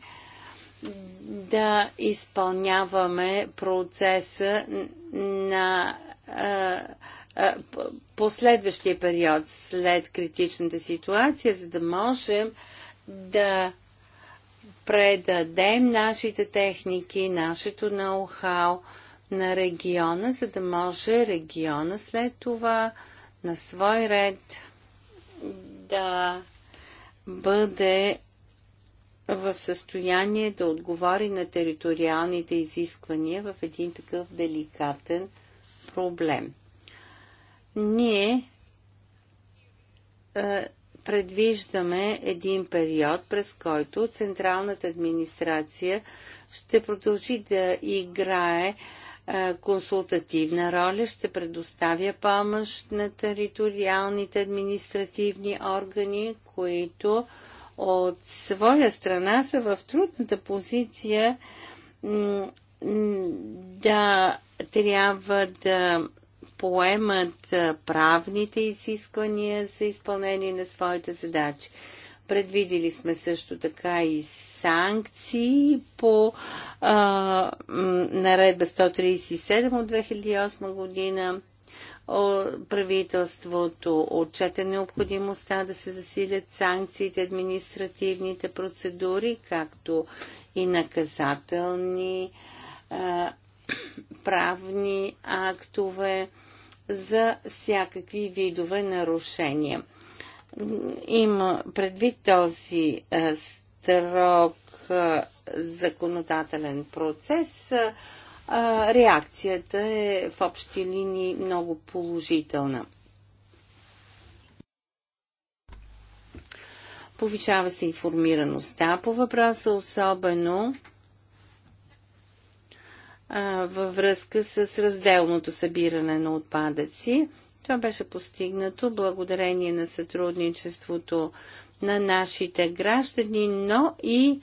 да изпълняваме процеса на последващия период след критичната ситуация, за да можем да предадем нашите техники, нашето ноу-хау на региона, за да може региона след това на свой ред да бъде в състояние да отговори на териториалните изисквания в един такъв деликатен проблем. Ние е, предвиждаме един период, през който Централната администрация ще продължи да играе е, консултативна роля, ще предоставя помощ на териториалните административни органи, които от своя страна са в трудната позиция да трябва да поемат правните изисквания за изпълнение на своите задачи. Предвидили сме също така и санкции по а, наредба 137 от 2008 година. О, правителството отчете необходимостта да се засилят санкциите, административните процедури, както и наказателни а, правни актове за всякакви видове нарушения. Има предвид този строг законодателен процес. Реакцията е в общи линии много положителна. Повишава се информираността по въпроса, особено във връзка с разделното събиране на отпадъци. Това беше постигнато благодарение на сътрудничеството на нашите граждани, но и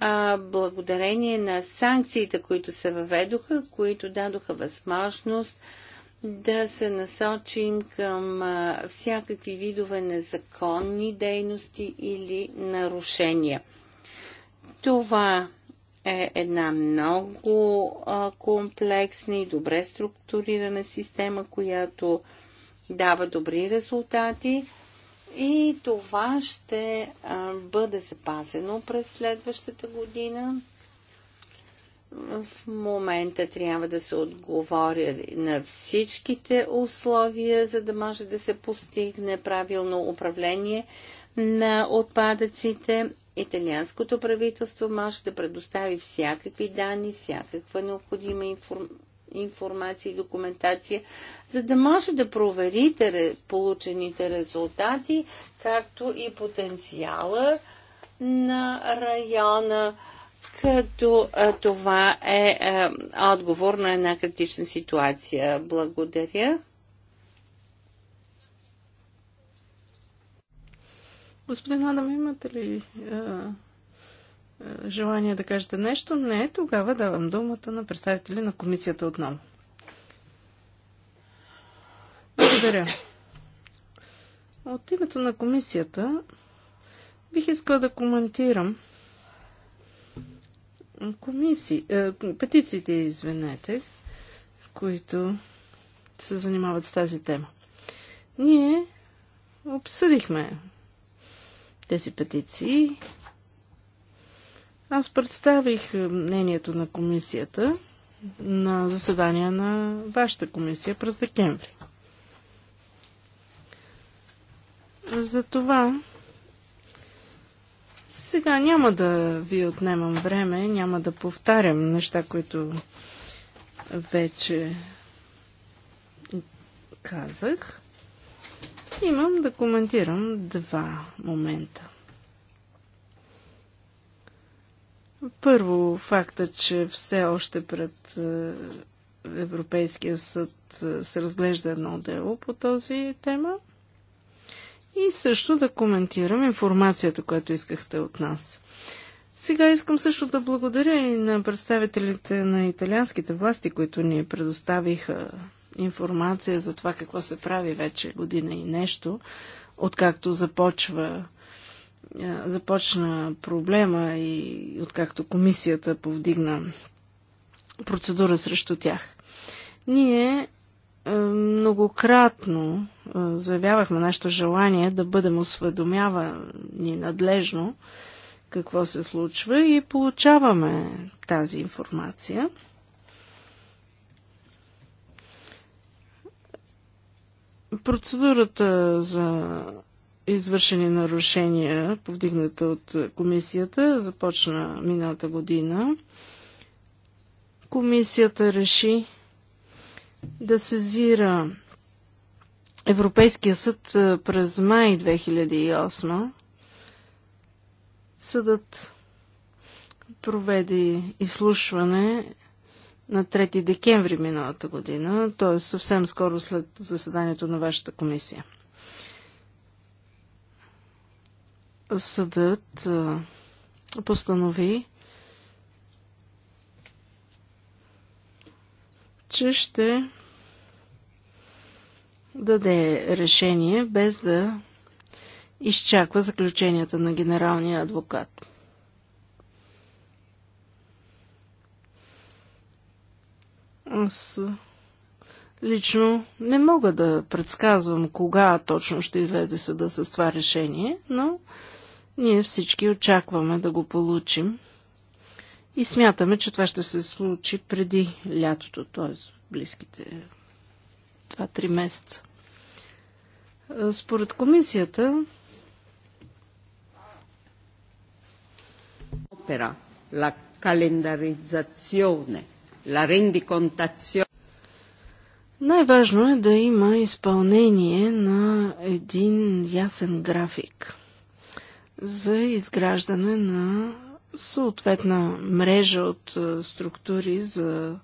а, благодарение на санкциите, които се въведоха, които дадоха възможност да се насочим към а, всякакви видове незаконни дейности или нарушения. Това е една много а, комплексна и добре структурирана система, която дава добри резултати и това ще а, бъде запазено през следващата година. В момента трябва да се отговоря на всичките условия, за да може да се постигне правилно управление на отпадъците италианското правителство може да предостави всякакви данни, всякаква необходима информация и документация, за да може да проверите получените резултати, както и потенциала на района, като а, това е а, отговор на една критична ситуация. Благодаря. Господин Адам, имате ли а, а, желание да кажете нещо? Не, тогава давам думата на представители на комисията отново. Благодаря. От името на комисията бих искала да коментирам комисии, а, петициите, извинете, които се занимават с тази тема. Ние обсъдихме тези петиции. Аз представих е, мнението на комисията на заседание на вашата комисия през декември. Затова сега няма да ви отнемам време, няма да повтарям неща, които вече казах. Имам да коментирам два момента. Първо, факта, че все още пред е, Европейския съд е, се разглежда едно дело по този тема. И също да коментирам информацията, която искахте от нас. Сега искам също да благодаря и на представителите на италианските власти, които ни предоставиха информация за това какво се прави вече година и нещо, откакто започва е, започна проблема и откакто комисията повдигна процедура срещу тях. Ние е, многократно е, заявявахме нашето желание да бъдем осведомявани надлежно какво се случва и получаваме тази информация. Процедурата за извършени нарушения, повдигната от комисията, започна мината година. Комисията реши да сезира Европейския съд през май 2008. Съдът проведе изслушване на 3 декември миналата година, т.е. съвсем скоро след заседанието на вашата комисия. Съдът постанови, че ще даде решение без да изчаква заключенията на генералния адвокат. Аз лично не мога да предсказвам кога точно ще излезе съда с това решение, но ние всички очакваме да го получим и смятаме, че това ще се случи преди лятото, т.е. близките 2-3 месеца. Според комисията. Опера, la calendarizzazione най-важно е да има изпълнение на един ясен график за изграждане на съответна мрежа от структури за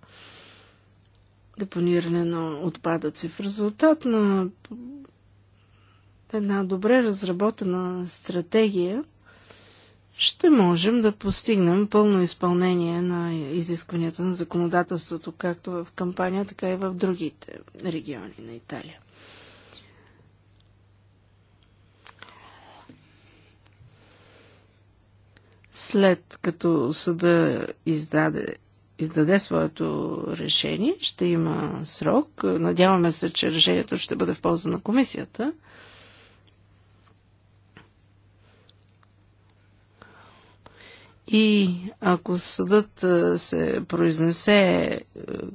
депониране на отпадъци. В резултат на една добре разработена стратегия ще можем да постигнем пълно изпълнение на изискванията на законодателството, както в кампания, така и в другите региони на Италия. След като съда издаде, издаде своето решение, ще има срок. Надяваме се, че решението ще бъде в полза на комисията – И ако съдът е, се произнесе е,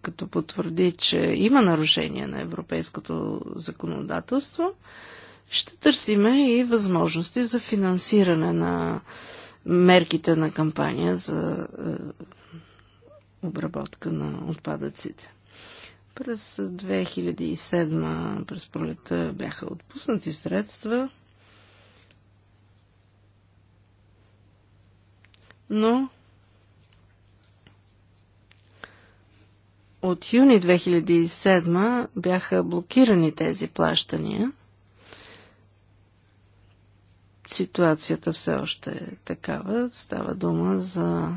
като потвърди, че има нарушение на европейското законодателство, ще търсиме и възможности за финансиране на мерките на кампания за е, обработка на отпадъците. През 2007, през пролета бяха отпуснати средства – но от юни 2007 бяха блокирани тези плащания. Ситуацията все още е такава. Става дума за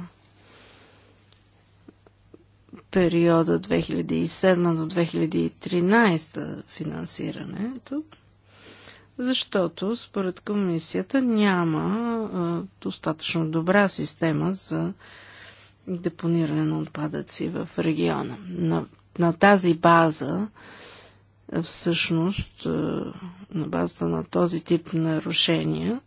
периода 2007 до 2013 финансирането защото според комисията няма а, достатъчно добра система за депониране на отпадъци в региона. На, на тази база, всъщност, на базата на този тип нарушения,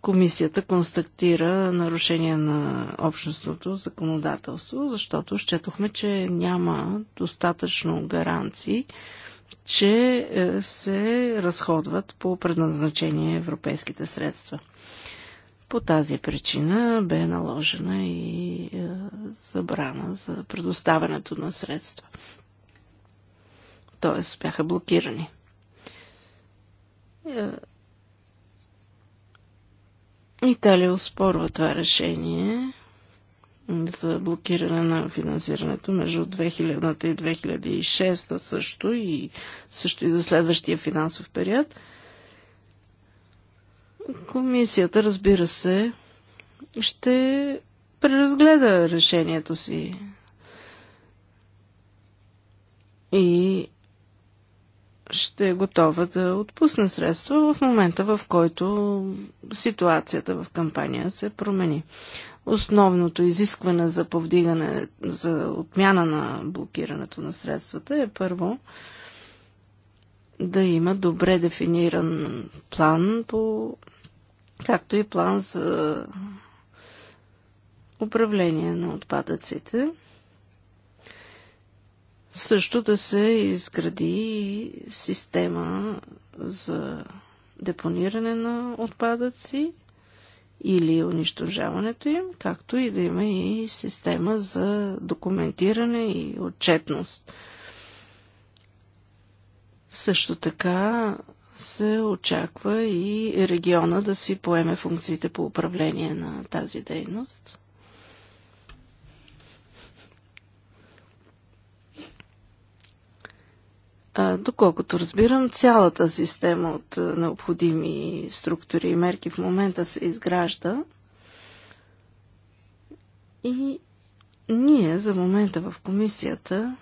комисията констатира нарушение на общностното законодателство, защото счетохме, че няма достатъчно гаранции че е, се разходват по предназначение европейските средства. По тази причина бе наложена и е, забрана за предоставянето на средства. Тоест бяха блокирани. Е, Италия успорва това решение за блокиране на финансирането между 2000 и 2006 също и също и за следващия финансов период. Комисията, разбира се, ще преразгледа решението си и ще е готова да отпусне средства в момента, в който ситуацията в кампания се промени. Основното изискване за повдигане, за отмяна на блокирането на средствата е първо да има добре дефиниран план по както и план за управление на отпадъците. Също да се изгради система за депониране на отпадъци или унищожаването им, както и да има и система за документиране и отчетност. Също така се очаква и региона да си поеме функциите по управление на тази дейност. Доколкото разбирам, цялата система от необходими структури и мерки в момента се изгражда. И ние за момента в комисията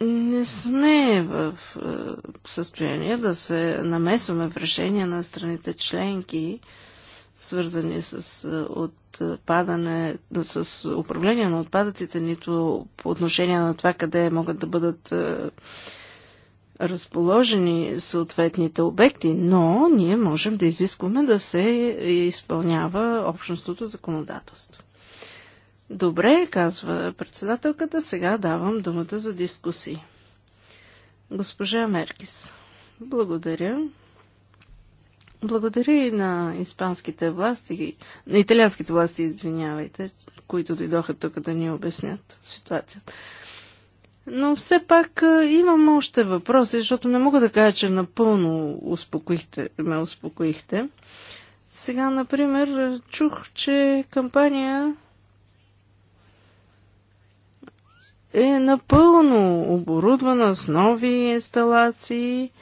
не сме в състояние да се намесваме в решения на страните членки, свързани с от отпадане, с управление на отпадъците, нито по отношение на това къде могат да бъдат е, разположени съответните обекти, но ние можем да изискваме да се изпълнява общностното законодателство. Добре, казва председателката, сега давам думата за дискусии. Госпожа Меркис, благодаря. Благодаря и на испанските власти, на италианските власти, извинявайте, които дойдоха тук да ни обяснят ситуацията. Но все пак имам още въпроси, защото не мога да кажа, че напълно успокоихте, ме успокоихте. Сега, например, чух, че кампания е напълно оборудвана с нови инсталации –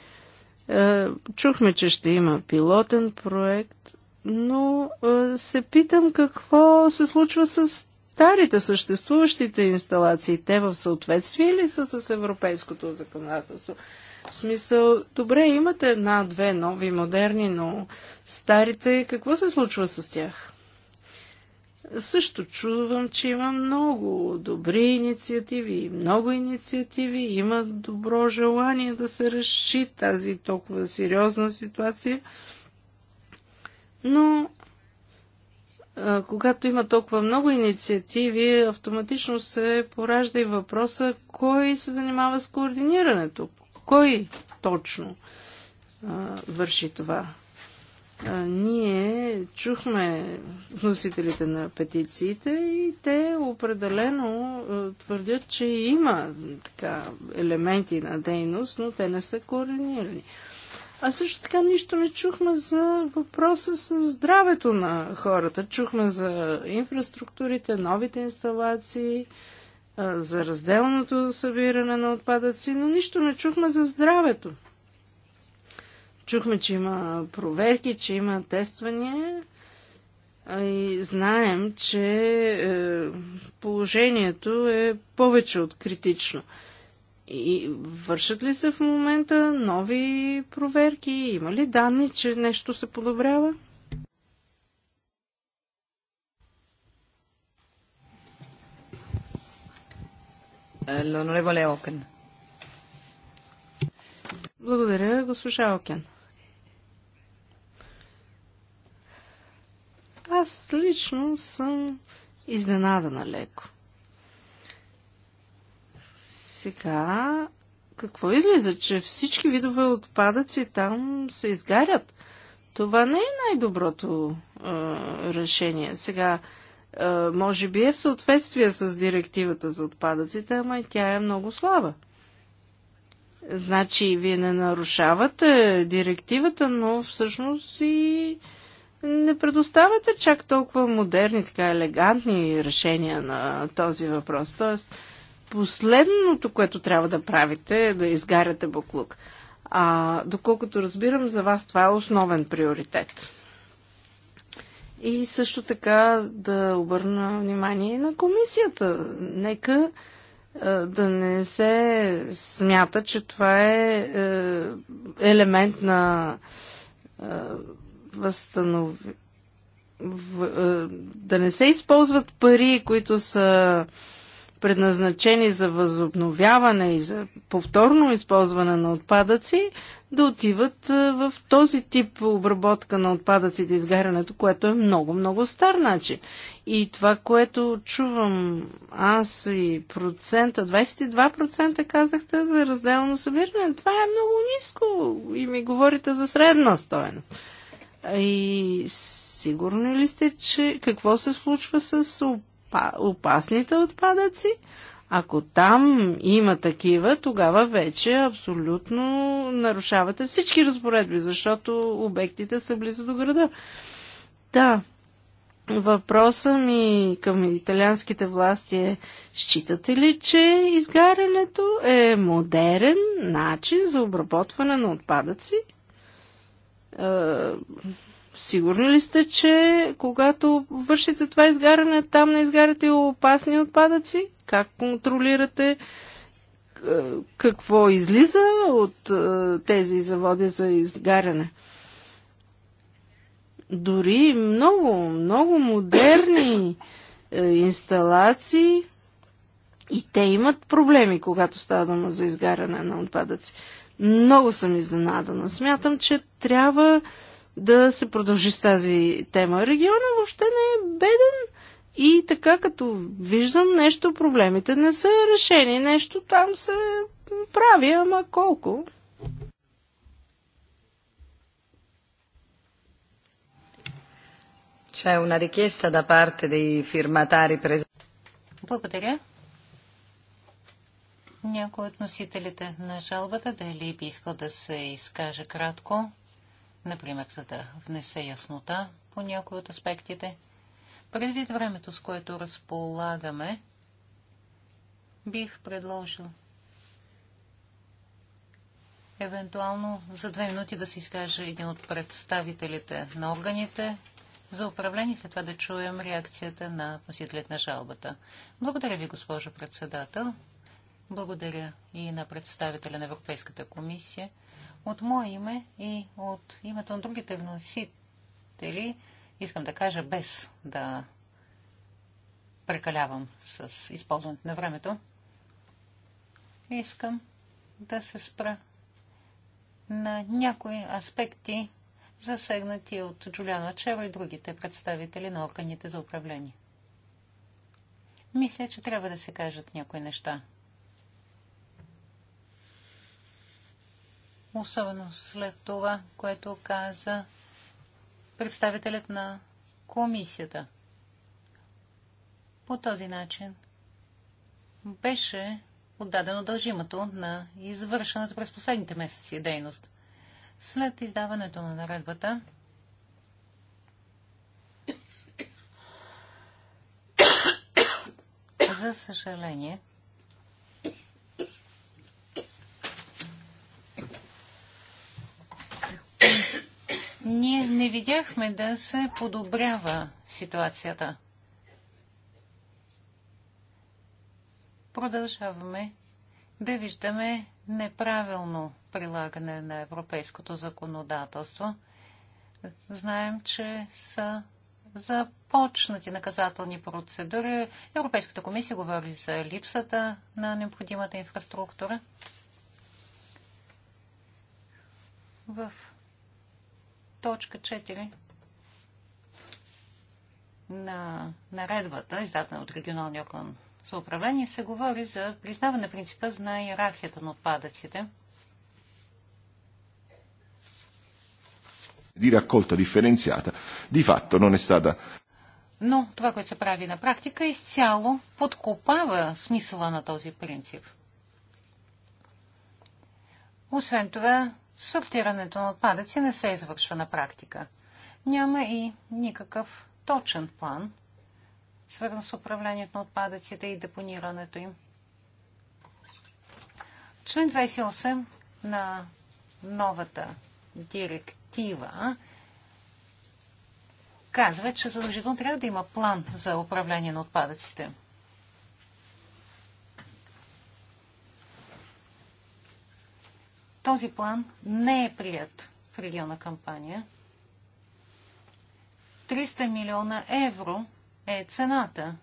е, чухме, че ще има пилотен проект, но е, се питам какво се случва с старите съществуващите инсталации. Те в съответствие ли са с европейското законодателство? В смисъл, добре, имате една-две нови, модерни, но старите, какво се случва с тях? Също чувам, че има много добри инициативи, много инициативи, има добро желание да се реши тази толкова сериозна ситуация, но когато има толкова много инициативи, автоматично се поражда и въпроса кой се занимава с координирането, кой точно а, върши това ние чухме вносителите на петициите и те определено твърдят, че има така, елементи на дейност, но те не са координирани. А също така нищо не чухме за въпроса с здравето на хората. Чухме за инфраструктурите, новите инсталации, за разделното събиране на отпадъци, но нищо не чухме за здравето. Чухме, че има проверки, че има тествания. И знаем, че е, положението е повече от критично. И вършат ли се в момента нови проверки? Има ли данни, че нещо се подобрява? Е, Благодаря, госпожа Окен. Аз лично съм изненадана леко. Сега, какво излиза, че всички видове отпадъци там се изгарят? Това не е най-доброто е, решение. Сега, е, може би е в съответствие с директивата за отпадъците, ама и тя е много слаба. Значи, вие не нарушавате директивата, но всъщност и не предоставяте чак толкова модерни, така елегантни решения на този въпрос. Тоест, последното, което трябва да правите е да изгаряте буклук. А, доколкото разбирам, за вас това е основен приоритет. И също така да обърна внимание и на комисията. Нека е, да не се смята, че това е, е елемент на е, възстанови... В, е, да не се използват пари, които са предназначени за възобновяване и за повторно използване на отпадъци, да отиват е, в този тип обработка на отпадъците, изгарянето, което е много-много стар начин. И това, което чувам аз и процента, 22% казахте за разделно събиране, това е много ниско и ми говорите за средна стоеност. И сигурни ли сте, че какво се случва с опасните отпадъци? Ако там има такива, тогава вече абсолютно нарушавате всички разпоредби, защото обектите са близо до града. Да, въпроса ми към италианските власти е, считате ли, че изгарянето е модерен начин за обработване на отпадъци? Е, сигурни ли сте, че когато вършите това изгаряне, там не изгаряте опасни отпадъци? Как контролирате е, какво излиза от е, тези заводи за изгаряне? Дори много, много модерни инсталации и те имат проблеми, когато става дума за изгаряне на отпадъци. Много съм изненадана. Смятам, че трябва да се продължи с тази тема. Региона въобще не е беден и така като виждам нещо, проблемите не са решени. Нещо там се прави, ама колко? C'è una richiesta da parte dei firmatari presenti. Благодаря някой от носителите на жалбата дали би искал да се изкаже кратко, например, за да внесе яснота по някои от аспектите. Предвид времето, с което разполагаме, бих предложил евентуално за две минути да се изкаже един от представителите на органите за управление, след това да чуем реакцията на носителят на жалбата. Благодаря ви, госпожо председател. Благодаря и на представителя на Европейската комисия. От мое име и от името на другите вносители искам да кажа без да прекалявам с използването на времето. Искам да се спра на някои аспекти, засегнати от Джулиана Чева и другите представители на органите за управление. Мисля, че трябва да се кажат някои неща. особено след това, което каза представителят на комисията. По този начин беше отдадено дължимото на извършената през последните месеци дейност. След издаването на наредбата, за съжаление, ние не видяхме да се подобрява ситуацията. Продължаваме да виждаме неправилно прилагане на европейското законодателство. Знаем, че са започнати наказателни процедури. Европейската комисия говори за липсата на необходимата инфраструктура. В точка 4 на наредбата, издадена от регионалния окон за управление, се говори за признаване на принципа на иерархията на отпадъците. Di raccolta differenziata, di fatto non è stata но това, което се прави на практика, изцяло подкопава смисъла на този принцип. Освен това, сортирането на отпадъци не се извършва на практика. Няма и никакъв точен план, свързан с управлението на отпадъците и депонирането им. Член 28 на новата директива казва, че задължително трябва да има план за управление на отпадъците. Този план не е прият в региона кампания. 300 милиона евро е цената